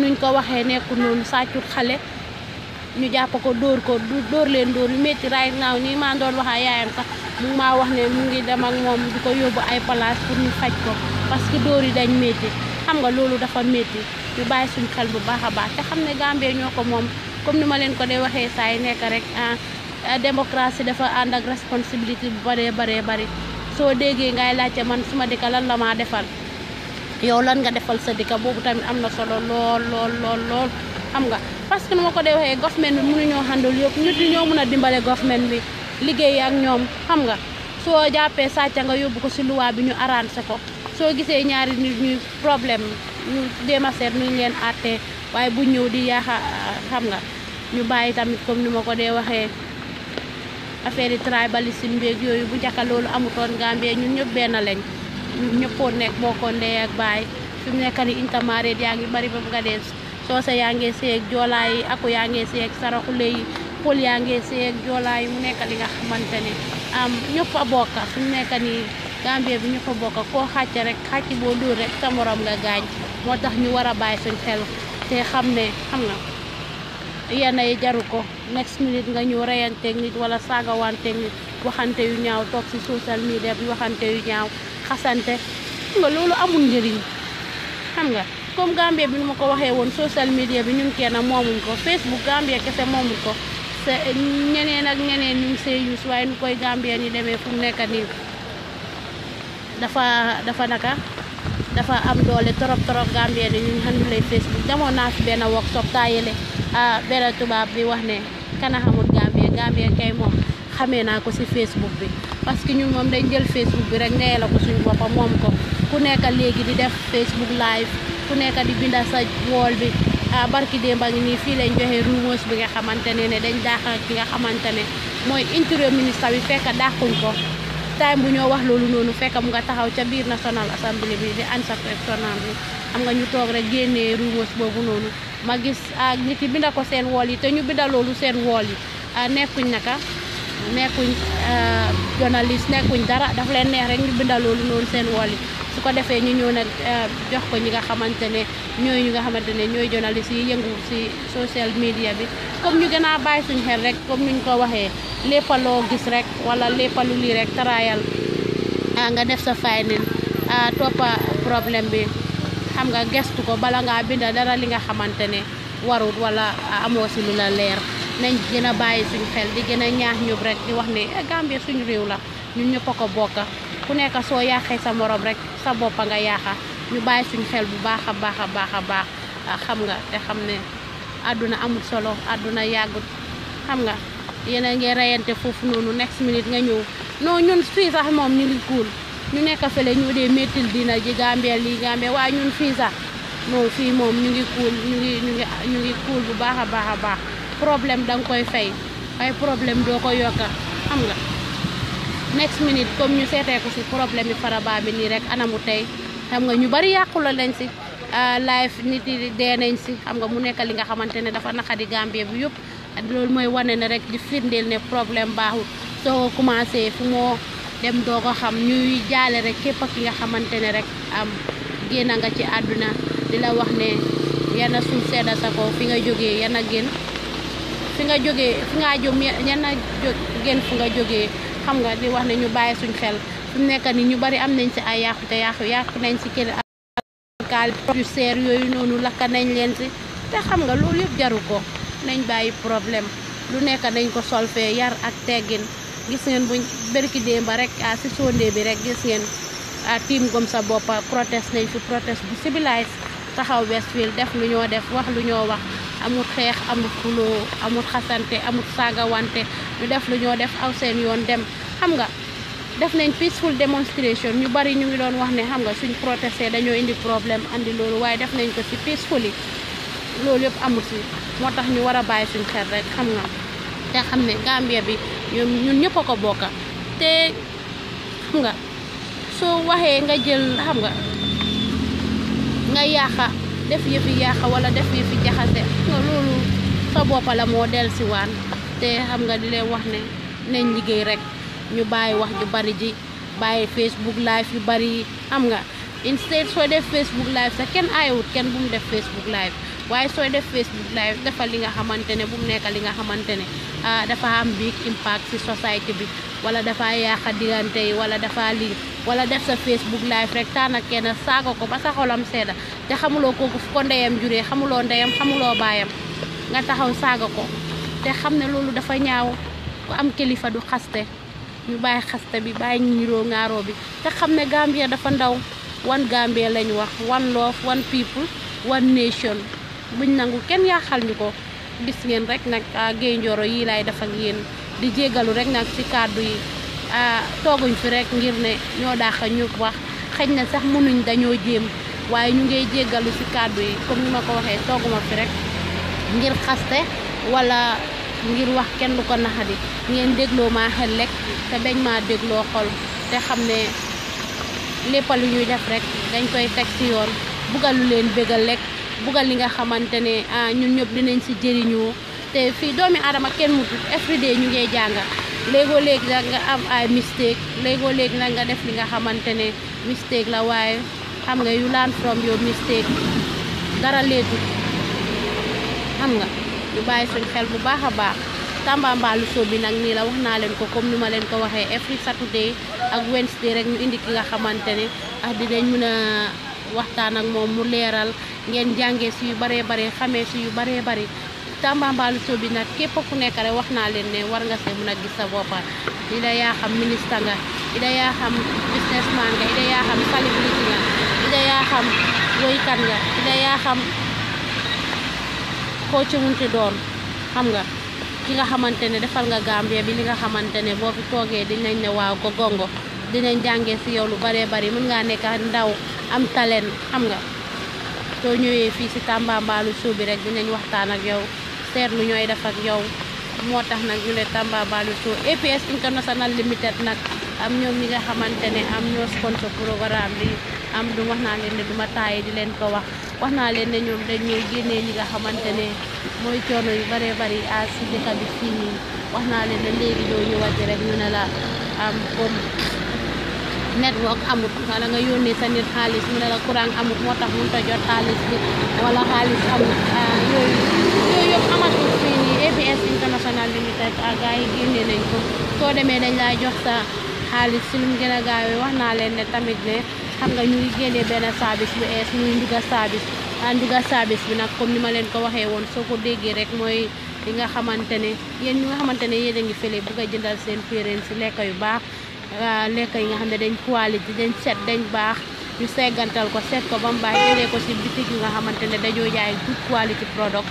nuñ ko waxee nekkul noonu sàccut xale ñu japp ko door ko door leen door metti right now nii maa doon wax yaayam sax mu ma wax ne mu ngi dem ak mom diko yobbu ay place pour ñu faj ko parce que door yi dañ metti xam nga lolu dafa metti ñu bàyyi suñu xel bu baaxa baax te xam ne Gambie ñoo ko comme ni ma leen ko day waxe say nek rek ah, ah, démocratie dafa and ak responsibility bu bare bare bari so dege ngay laacce man suma dëkka lan la ma defal yow lan nga defal sa dëkka bobu tamit amna solo lol lol lol lol xam nga parce que nu ko dee waxee government bi ñoo handle yop nit ñi ñoo mëna dimbalé government bi liggéey ak ñom xam nga so jàppee sàcca nga yobbu ko ci loi bi ñu arrange ko so gisé ñaari nit ñuy problème ñu dem a seet nuñ leen àttee bu ñew di ya xam nga ñu bayyi tamit comme ni ko dee waxee affaire tribalisme bi ak yooyu bu jàkka loolu amutoon Gambie ñun ñëpp ben lañ ñun nek nekk bokkoon ak bay fimu mu nekk yaangi bari bam nga soose yaa ngee seeg joolaa yi aku yaa ngee seeg saraxule yi pël yaa ngee seeg joolaa yi mu nekk li nga xamante ne am ñëpp a bokk fi mu nekk nii Gambie bi ñu a bokk koo xàcce rek xàcc boo dóor rek sa morom nga gaañ moo tax ñu war a bàyyi suñ xel te xam ne xam na yenn yi jaru ko next minute nga ñëw reyanteeg nit wala saagawanteeg nit waxante yu ñaaw toog si social media bi waxante yu ñaaw xasante xam nga loolu amul njëriñ xam nga comme Gambie bi nu ma ko waxee woon social media bi ñun kenn moomuñ ko Facebook Gambie kese moomuñ ko ñeneen nag ñeneen ñu ngi see use waaye ñu koy Gambie ni demee fu mu nekk nii dafa dafa naka dafa am doole torop torop Gambie ni ñu xam naa fi benn workshop taayele benn tubaab bi wax ne kana xamul Gambie Gambie kay moom xamee naa ko ci Facebook bi parce que ñun moom dañ jël Facebook bi rek nee la ko suñu boppam moom ko ku nekk léegi di def Facebook live. ku nekk di binda sa wool bi ah, barki démb a ngi nii fii lañ joxe rumeurs bi nga xamante ne ne dañ daax ki nga xamante ne mooy intérieur ministre bi fekk dàquñ ko time bu ñoo wax loolu noonu fekk mu nga taxaw ca biir national assembly bi di ansa personnel bi xam nga ñu toog rek génnee rumeurs boobu noonu ma gis ah, nit yi binda ko seen wool yi te ñu binda loolu seen wool yi ah, nekkuñ naka nekkuñ journaliste nekkuñ dara dafa leen neex rek ñu binda loolu seen wool yi ko defé ñu ñëw na euh, jox ko ñi nga xamantene ne ñooy ñi nga xamantene ne journaliste yi yëngu ci social media bi comme ñu gëna bay bàyyi suñ xel rek comme ñu ko waxé lépalo gis rek wala lépalu li rek taraayal ah, nga def sa ah topa problème bi xam nga gestu ko bala nga binda dara li nga xamantene ne warut wala amo ci lu la leer nañ gëna bay xel di gëna ñaax ñub rek di wax ne eh, Gambie suñ réew la ñun ñëpp ko bokka ku nekk soo yàqee sa moroom rek sa bopp nga yàqa ñu bàyyi suñu xel bu baax a baax a baax a baax ah, xam nga te xam ne àdduna amul solo àdduna yàggut xam nga yéen a ngi reyante foofu noonu next minute nga ñëw non ñun fii sax moom ñu ngi kuul ñu nekk fële ñu dee méttil dina ji gambeel lii gambeel waa ñun fii sax non fii moom ñu ngi kuul ñu ngi kuul bu baax a baax a baax problème danga koy fay waaye problème doo ko yokka xam nga next minute comme ñu seetee ko si problème bi Faraba bi nii rek mu tey xam nga ñu bari yàqula lañ si euh, life nit yi dee nañ si xam nga mu nekk li nga xamante ne dafa naqadi Gambie bu yëpp loolu mooy wane ne rek di firndeel ne problème baaxul soo commencé fu moo dem doo ko xam ñuy jaale rek képp ki nga xamante ne rek am génn nga ci àdduna di la wax ne yana suuf sedda sa ko fi nga jóge jógee a génn fi nga jóge fi nga jëm yana génn fu nga jógee xam nga di wax ne ñu bàyyi suñ xel su nekk ni ñu bari am nañ ci ay yàqu te yàqu yàqu nañ ci kële alkaali yu seer yooyu noonu lakka nañ leen si te xam nga loolu yëpp jaru ko nañ bàyyi problème lu nekk nañ ko solfee yar ak teggin gis ngeen buñ bërki démb ba rek ah si sondé bi rek gis ngeen ah tiim gom sa boppa protest nañ fi protest bu civilisé taxaw Westfield def lu ñoo def wax lu ñoo wax amul xeex amul xuloo amul xasante amul saagawante ñu def lu ñoo def aw seen yoon dem xam nga def nañ peaceful demonstration ñu bari ñu ngi doon wax ne xam nga suñ protesté dañoo indi problème indi loolu waaye def nañ ko ci peaceful yi loolu yëpp amul si moo tax ñu war a bàyyi suñ xel rek xam nga te xam ne Gambia bi ñoom ñun ñëpp a ko bokka te xam nga soo waxee nga jël xam nga nga yàqa def yëfi yàqa wala def yëfi jaxase loolu sa boppa la moo del si waan te xam nga di leen wax ne nañ liggéey rek ñu bàyyi wax ju bari ji bàyyi Facebook live yu bari yi xam nga instead soo def Facebook live sax kenn aayewut kenn bu mu def Facebook live waaye sooy def Facebook live defal li nga xamante ne bu mu nekk li nga xamante ne ah, dafa am big impact ci society bi wala dafa yàq diggante yi wala dafa lii wala def sa Facebook live rek taana kenn saaga ko ba sa xolam seeda te xamuloo kooku fu ko ndeyam juree xamuloo ndeyam xamuloo baayam nga taxaw saaga ko te xam ne loolu dafa ñaaw ku am kilifa du xaste ñu bàyyi xaste bi bàyyi ñiiroo ŋaaroo bi te xam ne Gambia dafa ndaw one Gambia lañ wax one love one people one nation buñ nangu kenn yaaxal ñu ko gis ngeen rek nag ah, Gaye Njoro yii laay def ak yéen di jégalu rek nag ci kàddu yi ah, tooguñ fi rek ngir ne ñoo daax ñu wax xëj na sax mënuñ dañoo jéem waaye ñu ngay jéggalu ci kàddu yi comme ni ma ko waxee tooguma fi rek ngir xaste wala ngir wax kenn du ko naxadi ngeen dégloo maa xel rek te bañ maa dégloo xol te xam ne léppalu lu ñuy def rek dañ koy teg ci yoon bugalu leen bégal lekk bugal li nga xamante ne ah, ñun ñëpp dinañ si jëriñoo te fii doomi aadama kenn mutut everyday ñu ngee jàng léegoo léegi nag nga am ay mistake léegoo léegi nag nga def li nga xamante ne mistake la waaye xam nga yu learn from your mistake dara leetu xam nga ñu bàyyi suñ xel bu baax a baax Tambambalu show bi nag nii la wax naa leen ko comme ni ma leen ko waxee every Saturday ak Wednesday rek ñu indi ki nga xamante ne ah dinañ mën a waxtaan ak moom mu leeral ngeen jàngee si yu baree bare xamee si yu baree bare Tambambalu show nag képp ku nekk rek wax naa leen ne war nga see mën a gis sa boppa i da yaa xam ministre nga i da yaa xam businessman nga i xam nga i da yaa xam koo ci munti doon xam nga ki nga xamante ne defal nga Gambia bi li nga xamante ne boo toogee dinañ ne waaw ko gongo dinañ jàngee si yow lu baree bari mën ngaa nekk ndaw am talent xam nga soo ñëwee fii si Tambambalu show bi rek dinañ waxtaan ak yow seetlu ñooy def ak yow moo tax nag ñu ne Tambambalu show EPS International Limited nag am ñoom ñi nga xamante ne am ñoo sponsor programme bi am du wax naa leen ne duma taayi di leen ko wax wax naa leen ne ñoom dañ ñooy génnee ñi nga xamante ne mooy coono yu bëree bëri a si dëkk bi fii nii wax naa leen ne léegi doo ñëwaat rek ñu ne la am comme network amut wala nga yónnee sa nit xaalis mu ne la courant amut moo tax mënut a jot xaalis bi wala xaalis amut ah, yooyu yooyu yëpp amatul fii ah, nañ ko soo demee dañ laa jox sa xaalis si lu mu gën a gaawee wax naa leen ne tamit ne xam nga ñuy génne benn service bu ees muy nduga service ah, nduga service bi nag comme ni ma leen ko waxee woon soo ko déggee rek mooy li nga xamante ne yéen ñi nga xamante ne yéen a ngi fële bëgg a jëndal seen parents si lekk yu baax Euh, lekk yi nga xam ne dañ qualité dañ set dañ baax ñu seggantal ko set ko ba mu baax jëlee ko si bitig yu nga xamante ne dañoo jaay good quality product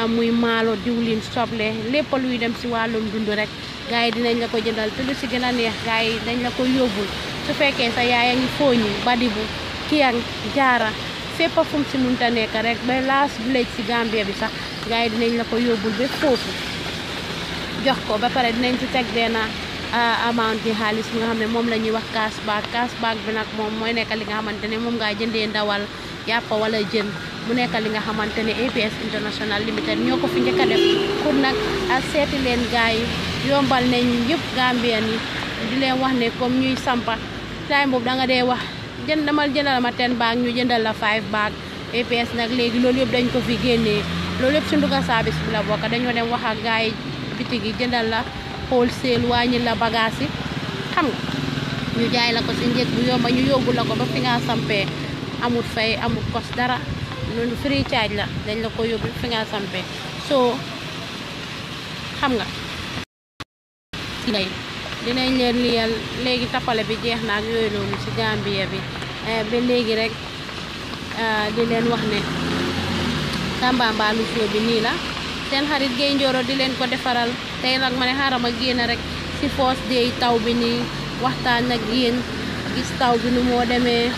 euh, muy maalo diwlin soble lépp luy dem si wàllum dund rek gars dinañ la ko jëndal te lu si gën a neex gay yi dañ la ko yóbbul su fekkee sa yaaya ngi fooñi badibu kiyang jaara fépp fu mu si munta nekk rek ba laas village si Gambia bi sax gars dinañ la ko yóbbul ba foofu jox ko ba pare dinañ ci teg benn Ah, amount bi xaalis nga xamne mom lañuy wax cash back cash back bi nak mom moy nekkal li nga xamantene mom nga ngaa ndawal yàpp wala jënd mu nekkal li nga xamantene APS International Limited ñoko fi njëkk def pour nak seeti leen gaay yombal nañ ñëpp Gambien yi di leen wax ne comme ñuy sampa time boobu da nga dé wax jënd damal jëndal ma 10 bag ñu jëndal la five bag APS nak légui loolu yëpp dañ ko fi génné loolu yëpp ci nduga sa bi bokk dañu dem wax ak gaay bitigi jëndal la wholesale wàññi la bagaas yi xam nga ñu jaay la ko si njëg bu yomba ñu yóbbu la ko ba fi nga sampee amul fay amul kos dara loolu free la dañ la ko yóbbu fi nga sampee soo xam nga dinañ leen liyal léegi tappale bi jeex na ak yooyu noonu ci Gambia bi eh, ba léegi rek eh, di wax ne Tambambalu show bi nii la seen xarit Gaye di leen ko defaral tey nag ma ne xaaral ma génn rek si foos day taw bi nii waxtaan ak yéen gis taw bi nu moo demee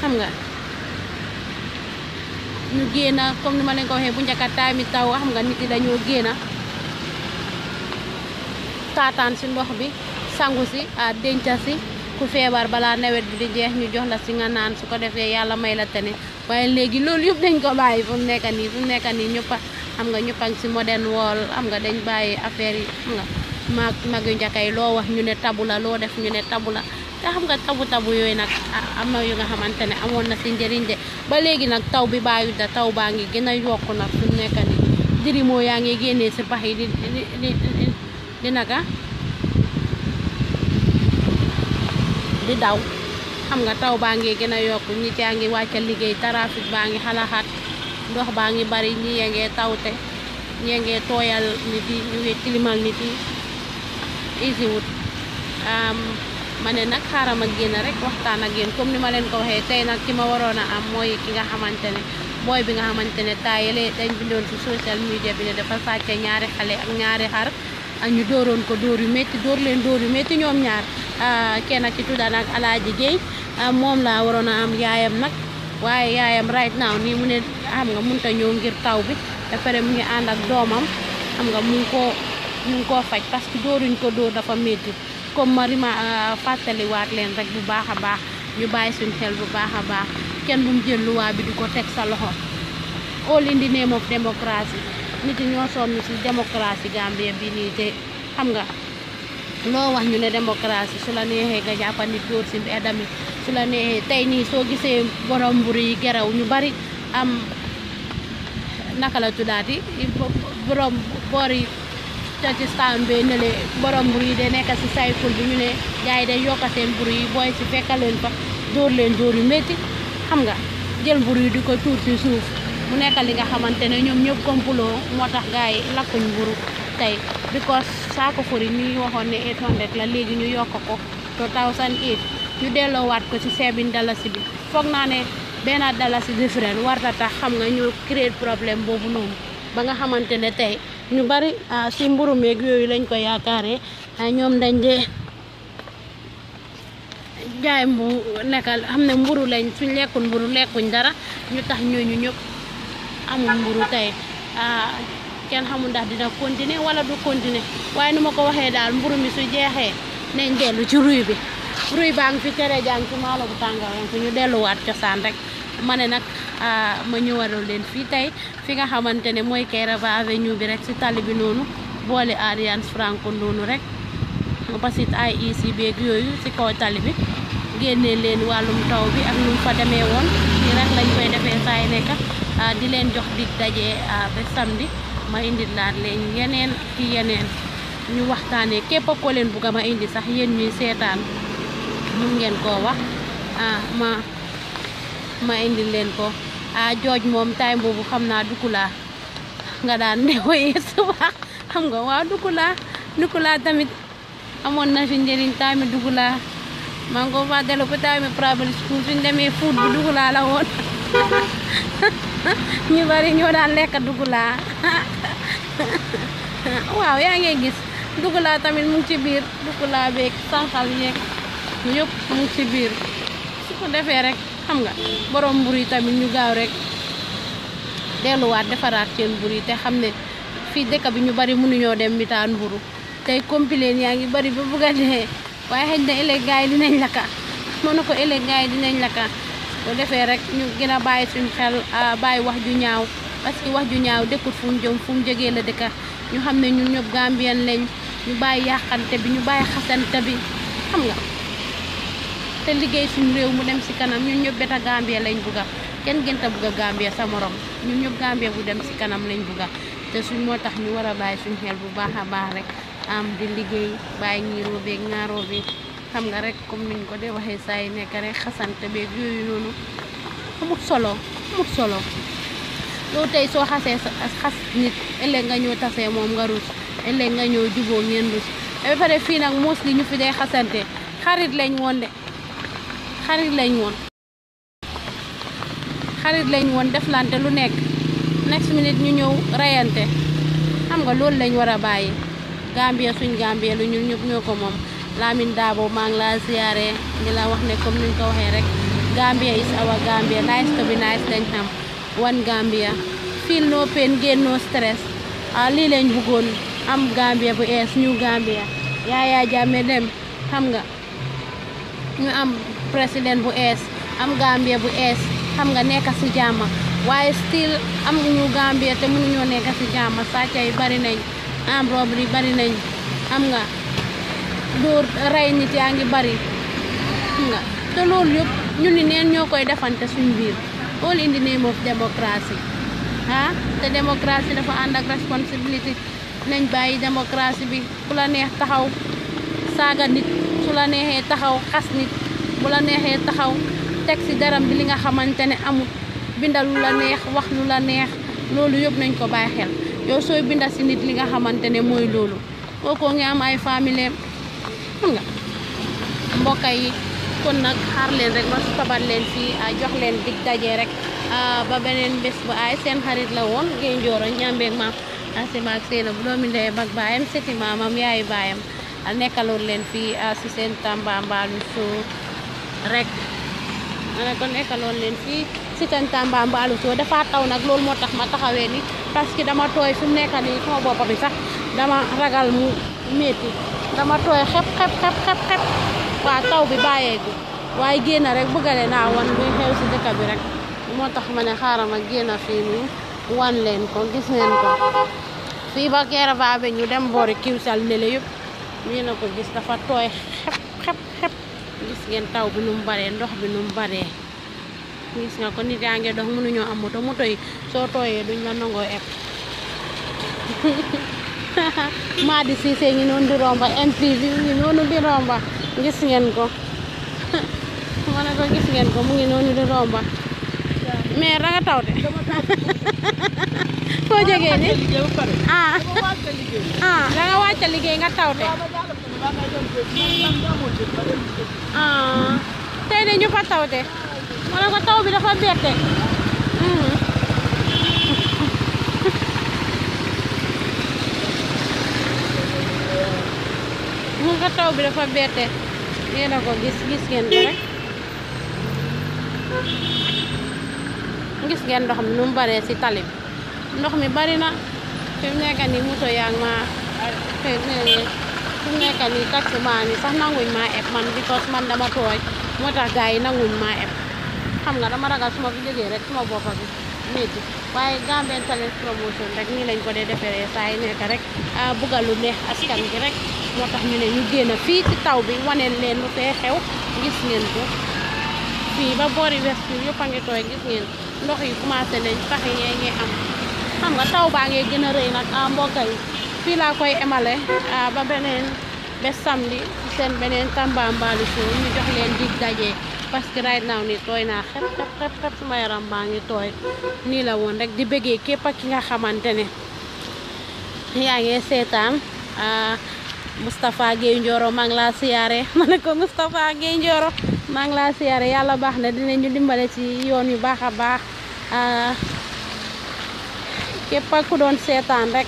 xam nga ñu génn comme ni ma leen ko waxee bu njëkk a taami taw xam nga nit yi dañoo génn taataan si ndox bi sangu si a ah, denca si ku feebar balaa nawet bi di jeex ñu jox la si nga naan su ko defee yàlla may la tane waaye léegi loolu yëpp dañ ko bàyyi fu mu nii fu mu nekk nii ñëpp xam nga ñu pang si modern world xam nga dañ bàyyi affaire yi xam nga mag mag yu njakay loo wax ñu ne tabu la loo def ñu ne tabu la te xam nga tabu tabu yooyu nag am na yu nga xamante ne amoon na si njëriñ de ba léegi nag taw bi bàyyi da taw baa ngi gën a yokk nag su nekk ni dirimoo yaa ngi génnee si pax yi di di di naka ah, di daw xam nga taw baa ngi gën a yokk nit yaa ngi wàcca liggéey trafic baa ngi xalaxaat ndox baangi bari ñi ya ngee tawte ñi ngee toyal nit yi ñu ngi climal nit yi easy wut um, mané nak xaram ak gene rek waxtaan ak gene comme ni ma leen ko waxee tay nak ci ma warona am moy ki nga xamantene boy bi nga xamantene ne dañ bindon ci social media bi ne dafa sàcce ñaari xalé ak ñaari xar ñu dooroon ko door yu metti door leen door yu metti ñom ñaar ah, kenn ki tudda nag alaaji Guèye ah, moom laa waroon am yaayam nak waaye yaayam right now nii mu ne xam nga mun ta ñëw ngir taw bi ba mu ngi ànd ak doomam xam nga mu ngi koo mu faj parce que dóoruñ ko dóor dafa métti comme ma rima euh, fàttaliwaat leen rek bu baax a baax ñu bàyyi suñ xel bu baax a baax kenn bu mu jël luwaa bi du ko teg sa loxo all lindi the name of démocratie nit ñi ñoo sonn si démocratie Gambie bi nii te xam nga loo wax ñu ne démocratie su la neexee nga jàppa nit dóor si mbedd su la ne tey nii soo gisee borom mburu yi geraw ñu bari am naka la tuddaati borom boori Tajistan be ne le borom mburu yi de nekk si saykul bi ñu ne gars yi day yokk mburu yi booy si fekka leen fa leen dóor yu métti xam nga jël mburu yi di ko tuur si suuf mu nekk li nga xamante ne ñoom ñëpp complot moo tax gaa yi lakkuñ mburu tey because saako fori ñu waxoon ne 800 la léegi ñu yokk ko 2008 ñu delloowaat ko ci seebin dalasi bi foog naa ne benn dala dalasi différent warta tax xam nga ñu créer problème boobu noonu ba nga xamante ne tey ñu bari ah, si mburu meeg yooyu lañ ko yaakaare ah, ñoom dañ dee jaay mu nekkal xam ne mburu lañ suñ lekkul mburu lekkuñ dara ñu tax ñu ñëpp amul mburu tey ah, kenn xamul ndax dina continuer wala du continuer waaye nu ma ko waxee daal mburu mi su jeexee nañ dellu ci ruy bi fruit baa fi cere jaa ngi fi maalo bu tàngawoon fi ñu delluwaat cosaan rek ma ne nag ah, ma ñëwaral leen fii tey fi nga xamante ne mooy Kairaba avenue bi rek si tali bi noonu boole Alliance Franco noonu rek parce ay IEC yooyu si kaw tali bi génnee leen wàllum taw bi ak nu fa demee woon fii rek lañ koy defee saay nekk ah, di leen jox di daje ah, ba samedi ma indi laat leen yeneen ci yeneen ñu waxtaanee képp ko leen bugg a ma indi sax yéen ñuy seetaan. mun ngeen koo wax ah, ma ma leen ko ah jooj moom time boobu xam naa dukkulaa nga daan ne woyee suba xam nga waaw dukkulaa dukkulaa tamit amoon na fi njëriñ time dukkulaa maa ngi ko fàttali ko time primary school suñ demee food bu dukkulaa la woon ñu bari ñoo daan lekk dugulaa waaw yaa ngi gis dugulaa tamit mu ci biir dugulaa beeg sànqal yeeg yëpp mu ci biir su ko defee rek xam nga boroom mburu yi tamit ñu gaaw rek delluwaat defaraat seen mbur yi te xam ne fii dëkk bi ñu bari mënuñoo dem mitaan mburu tey compileen yaa ngi bari ba bugg a waaye xëy na ëllëg gaay dinañ lakka mën na ko ëllëg gaay dinañ lakka bu defee rek ñu gën a bàyyi suñ xel bàyyi wax ju ñaaw parce que wax ju ñaaw dëkkut fu mu jëm fu mu jógee la dëkka ñu xam ne ñun ñëpp Gambien lañ ñu bàyyi yàqante bi ñu bàyyi xasante bi xam nga te liggéey suñu réew mu dem si kanam ñu ñëpp beta Gambie lañ bugga kenn gënta bugg a sa morom ñu ñëpp Gambie bu dem si kanam lañ bugga te suñ moo tax ñu war a bàyyi suñ xel bu baax a baax rek am di liggéey bàyyi ñiiroo beeg ñaaroo beeg xam nga rek comme niñ ko dee waxee saa yi nekk rek xasante beeg yooyu noonu amut solo amut solo loo tey soo xasee xas nit ëllëg nga ñëw tasee moom nga rus ëllëg nga ñëw juboo ngeen rus ba pare fii nag mos li xasante xarit lañ woon xarit lañ woon xarit lañ woon deflante lu nekk next minute ñu ñëw reyante xam nga loolu lañ war a bàyyi Gambie suñ Gambie lu ñu ñëpp ñoo ko moom Lamin Daabo maa la laa ziyaare di la wax ne comme niñ ko waxee rek Gambia is our Gambia nice to be nice lañ xam one Gambia feel no pain gain stress ah lii lañ bëggoon am Gambia bu ees ñu Gambia Yaya Jammeh dem xam nga ñu am president bu S, am Gambia bu S, xam nga nek si Why waye still am ñu Gambia te ñu nek si jama sa tay bari nañ am robbery bari nañ xam nga door ray nit yaa ngi bari nga te lool yëpp ñu ni neen ñokoy defante suñ biir all in the name of democracy ha? Ah? te democracy dafa and ak responsibility nañ bayyi democracy bi kula neex taxaw saga nit su la taxaw xass nit bu la neexee taxaw teg ci daram bi li nga xamante ne amul bindal la neex wax lu la neex loolu yëpp nañ ko bàyyi xel yow sooy bindal si nit li nga xamante ne mooy loolu kookoo ngi am ay famille xam yi kon nag xaar leen rek ma sabat leen fii ah, jox leen dig daje rek ah, ba beneen bés bu ay seen xarit la woon ngeen jooro ñambeeg maam asimaak ah, seena bu doomi ndey mag baayam seti maamam yaayu baayam nekkaloon leen fii si seen Tamba Mbaalu Show rek ma ko kon nekkaloon leen fii si ten Tamba Mbaalu Sow dafa taw nag loolu moo tax ma taxawee nii parce que dama tooy fi mu nekk nii sama bopp bi sax dama ragal mu métti dama tooy xep xep xep waa taw bi bàyyeegu waaye génn rek bëggale naa wan luy xew si dëkk bi rek moo tax ma ne xaaral ma génn fii nii wan leen ko gis ngeen ko fii ba Guerva bi ñu dem boori kiw sal nele yëpp ñu ne ko gis dafa tooy ngeen taw bi num bare ndox bi num bare gis nga ko nit yaa ngi dox ñoo am moto moto yi so toye duñ la ep ma di Cissé ngi noonu di romba MPV ngi noonu di romba gis ngeen ko mana ko gis ngeen ko mu ngi noonu di romba mais nga taw de ko jógee ni ah ah nga wacce liggéey nga taw de ah tey de ñu fa taw de wala ko taw bi dafa bette mu nga taw bi dafa bette yéen a ko gis gis ngeen ko gis ngeen ndox mi nu mu baree si tali bi ndox mi bari na fi mu nekk nii moto yaa ngi cũng nghe cả ni các chú mà ni sao nó ngồi mà ép man because man đã mà thôi mà ra gai nó ngồi mà ép không là nó mà ra gas mà video gì đấy mà bỏ vào meti wai gambe talent promotion để rek ni lañ ko dé déféré say né ka rek a bugalu né askan gi rek motax ñu né ñu gëna fi ci taw bi wanen leen lu fé xew gis ngeen ko fi ba bori west yu yëpp nga toy gis ngeen ndox yi commencé nañ taxé ngay am xam nga taw ba ngay gëna rëy nak a cái fi la koy emale ba benen ba samedi benen tamba mbali so ñu jox leen dig dajé parce que right now ni toy na xep xep xep xep sama yaram ba ngi toy nii la won rek di bëggee képp ak ki nga xamantene ne yaa sétan ah Mustafa Gueye Ndioro maa ngi laa siyaare ma ko Moustapha Gueye Ndioro maa ngi laa siyaare yàlla baax na dinañu ci yoon yu baax képp ak ku doon sétan rek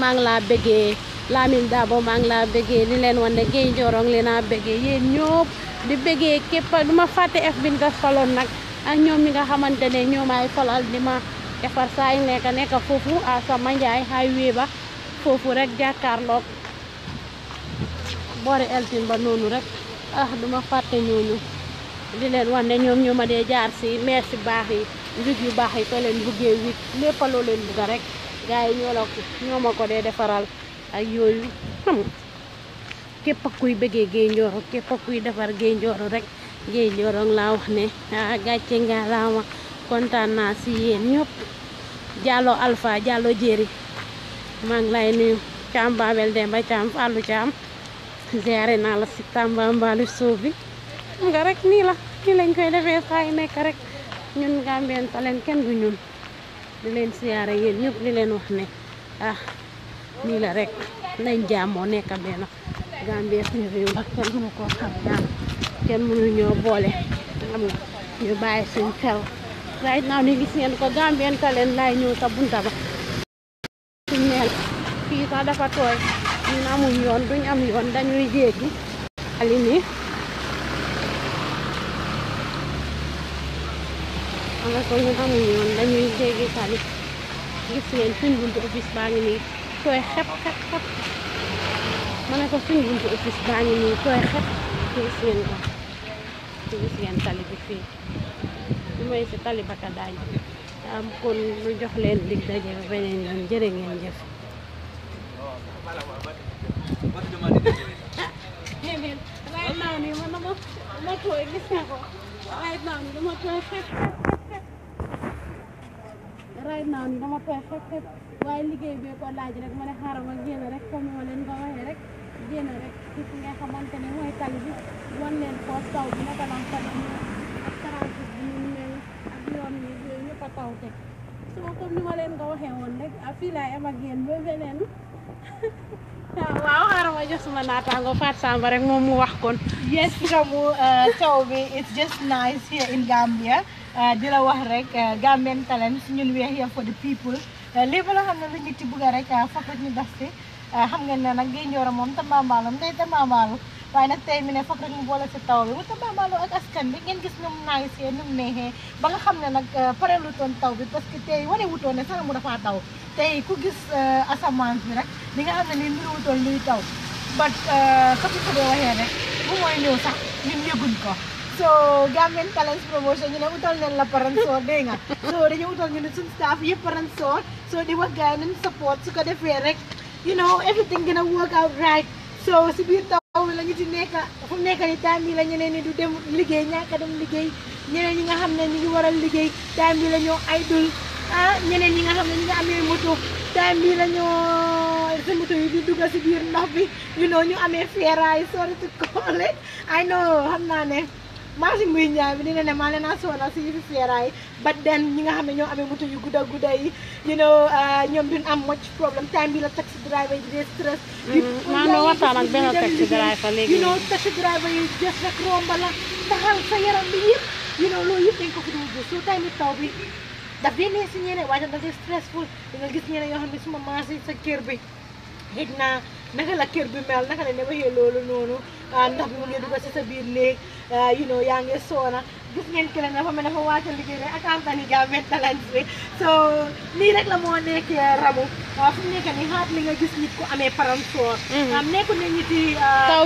maa ngi laa bëggee Lamine Dabo maa ngi laa bëggee li leen wan ne Guèye Njorong leen laa bëggee yéen ñëpp di bëggee képp du ma fàtte f bi nga nag ak ñoom ñi nga xamante ne ñoomaay falal di ma defar saa yu nekk nekk foofu à sama njaay highway ba foofu rek jàkkaarloog boori eltin ba noonu rek ah du ma fàtte ñooñu di leen wan ne ñoom ñoo ma dee jaar si merci baax yi njug yu baax yi soo leen buggee wik lépp loo leen bugga rek gaay yi ñoo la ko ñoo defaral ak yoyu képp kuy bëggé gey njooro képp kuy défar gey njooro rek géey njooro la wax ne ah gàcce nga laa ma na ci yeen ñop jallo alpha jallo jéri ma ngi lay nuyu caam baabel demba cham fallu cham ziaré na la ci tamba mbalu suuf nga rek ni la ni lañ koy défé fay nek rek ñun Gambian talen kenn du ñun di leen siyaare yéen ñëpp di leen wax ne ah nii la rek nañ jaamoo nekk benn Gambie suñu réew la kenn mënu koo ñoo boole ñu bàyyi suñ xew right now ni gis ngeen ko Gambian Talents laay ñëw sa bunta ba suñ meel fii sax dafa tooy ñun amuñ yoon duñ am yoon dañuy jéegi ali nga ko ñun amuñu yoon dañuy jéggi tali gis ngeen suñ buntu office baa ngi nii tooy xep xep ma ne ko suñ buntu office baa ngi nii tooy xep gis ngeen tali bi fii lu si tali baka daañ am kon jox leen dig daje beneen yoon ngeen jëf right now ni dama koy fekk waaye liggéey bi ko laaj rek ma ne xaaral ma génn rek comme ma leen ko waxee rek génn rek ci fi nga xamante ne mooy tali bi wan leen ko taw bi naka la taw bi ak trafic bi ñu mel ak yoon yi yooyu ñëpp a taw teg so comme ni ma leen ko waxee woon rek a fii laay am ak yéen ba beneen waaw xaaral ma jox sama naataango Fat Samba rek moom mu wax kon yes fi mu taw bi it's just nice here in Gambia Eh, di la wax rek eh, Gambian Talents ñun we are here for the people eh, li ba la ne lu nit yi bugg a rek fokk ñu def si xam ngeen ne nag Gaynjoor moom tambaambaalu day tambaambaalu way nak tay mi ne foog rek ñu bolé ci taw bi mu tambaambaalu ak askan bi ngeen gis ñum num naagisee ñum neexee ba nga xam nak nag ton taw bi parce que tay wone wutoon ne sax mu dafa taw tay ku gis asaman bi rek li nga xam ni mu nuru luy taw bat comme ko do waxee rek bu moy ñëw sax ñun yëguñ ko so lang sa promotion nyo ne utol nañ la paransoor dégg nga so dañu utal ñu ne suñ staff yëpp paransoor so di wag ganun support sa kadeferek. you know everything gonna work out right so si biir taw bi la si neka nekk fu ni Tami lang la ñeneen ni du dem liggéey ñàkk dem liggéey ñeneen ñi nga xam ne waral ligay. Tami lang la idol ah ñeneen ñi nga xam ne ñu ngi amee moto time bi sa Muto, yung di si biir bi you know ñu amir feeraay sorry to call it I know hamna naa ne marché muy ñaay bi dina ne maa leen a sonal si yëfi feeraay yi ba den ñi nga xam ne ñoo amee moto yu gudda gudda yi you know uh, ñoom duñ am much problème time bi la taxi driver yi di stress mm-hmm. maa ngi waxtaan ak benn taxi driver léegi yi jës rek romba la taxal sa yaram bi yëpp you know loolu yëpp dañ ko taw bi daf dee nee si ñeneen waaye tam daf dee stressful nga gis ñeneen yoo xam ne suma marché sa kër bi xëj naa naka la kër bi mel naka la ne waxee loolu noonu ah, ndax mu ngi dugg si sa biir néeg ah, you know yaa ngi soona gis ngeen keneen dafa mel dafa waaj a liggéey rek ak Anthony Jammeh talent bi so nii rek la moo nekkee eh, rabu ah, fu mu nekk nii li nga gis nit ku amee paransoor. Mm. nekku ne nit yi.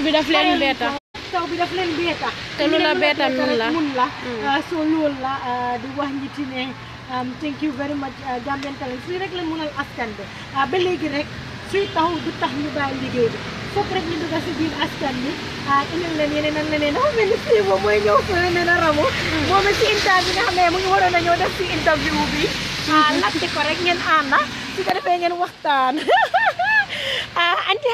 bi daf leen beeta taw bi daf leen beeta. te lu la beeta mun la mm. soo loolu la di wax nit ne um, thank you very much Gambian Talents lii rek la munal askan bi ba léegi rek. taxu du betah ñu bàyyi liggéey bi foog rek ñu si askan ah indil leen yeneen ak oh dafa mel ni fii moom mooy ñëw fële ne na si interview bi nga xam ne mu si interview bi ah laajte ko ah anti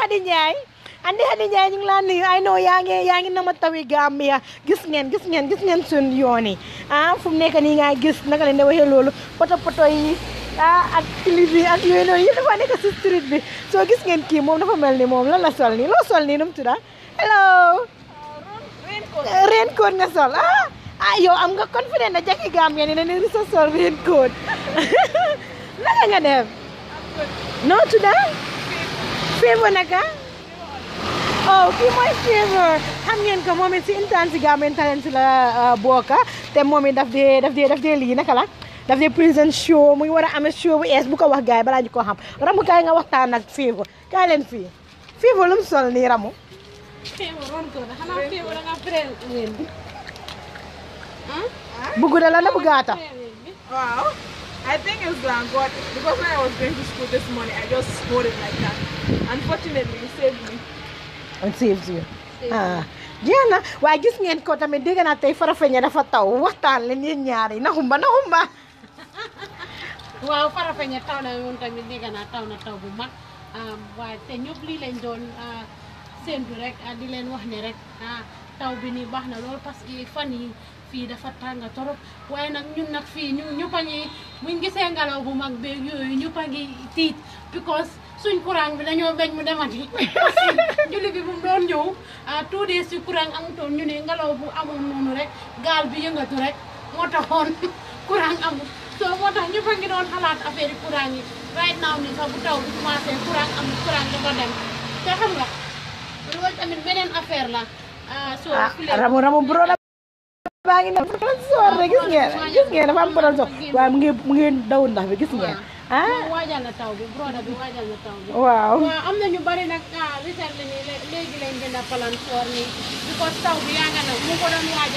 andi hadi ñay ñu ngi laa nuyu ay noo yaa ngi yaa ngi gis gis gis sun ah fu mu gis naka leen da waxee poto poto a ah, ak clip ak yooyu noonu yëpp dafa nekk si street bi soo gis ngeen kii moom dafa mel ni moom lan la sol nii loo sol nii nu mu tudd ah? hello. raincoat nga sol ah ah yow am nga confident na Jackie Gambian ne ni sa sol raincoat naka nga def. noo tudda ah? Favour naka. oh kii mooy Favour xam ngeen ko moom it si la bokk te moom yi daf dee daf dee lii naka la. daf dee prison show mu ngi war a amee show bu ees bu ko wax gars yi balaa ñu ko xam ramu kaay nga waxtaan ak Favour kaay leen fii Favour lu mu sol nii ramu. bu la na bu gaata. waaw. I ah. jeex waaye gis ngeen ko tamit dégg naa tey Farafenni dafa taw waxtaan leen yéen ñaar yi na xumba na xumba Wow, para feñe taw na woon tamit ni naa taw na taw bu mag ah, waaye te ñëpp lii lañ doon séntu rek ah, di leen wax ne rek ah, taw bi nii baax na lool parce que fan yi fii dafa tàng toro. waaye nag ñun nak fi ñu ñëpp a bu a because suñ courant bi dañu bañ mu demati julli bi bu mu doon ñëw tout de si courant amutoon ñu ne ngalaw bu amul nonu rek gal bi yëngatu rek mo taxone courant amul soo a ngi doon bi gis ngeen gis ngeen dafa am borom soor waaye mu ngi mu ngi daw ndax bi gis ngeen. ah waajal na taw bi broda bi waajal na taw bi. waaw am na ñu bari nag ah recette la ñuy léegi lañ jënd palansoor nii. parce taw bi yaa nga nag mu ko doon waajal.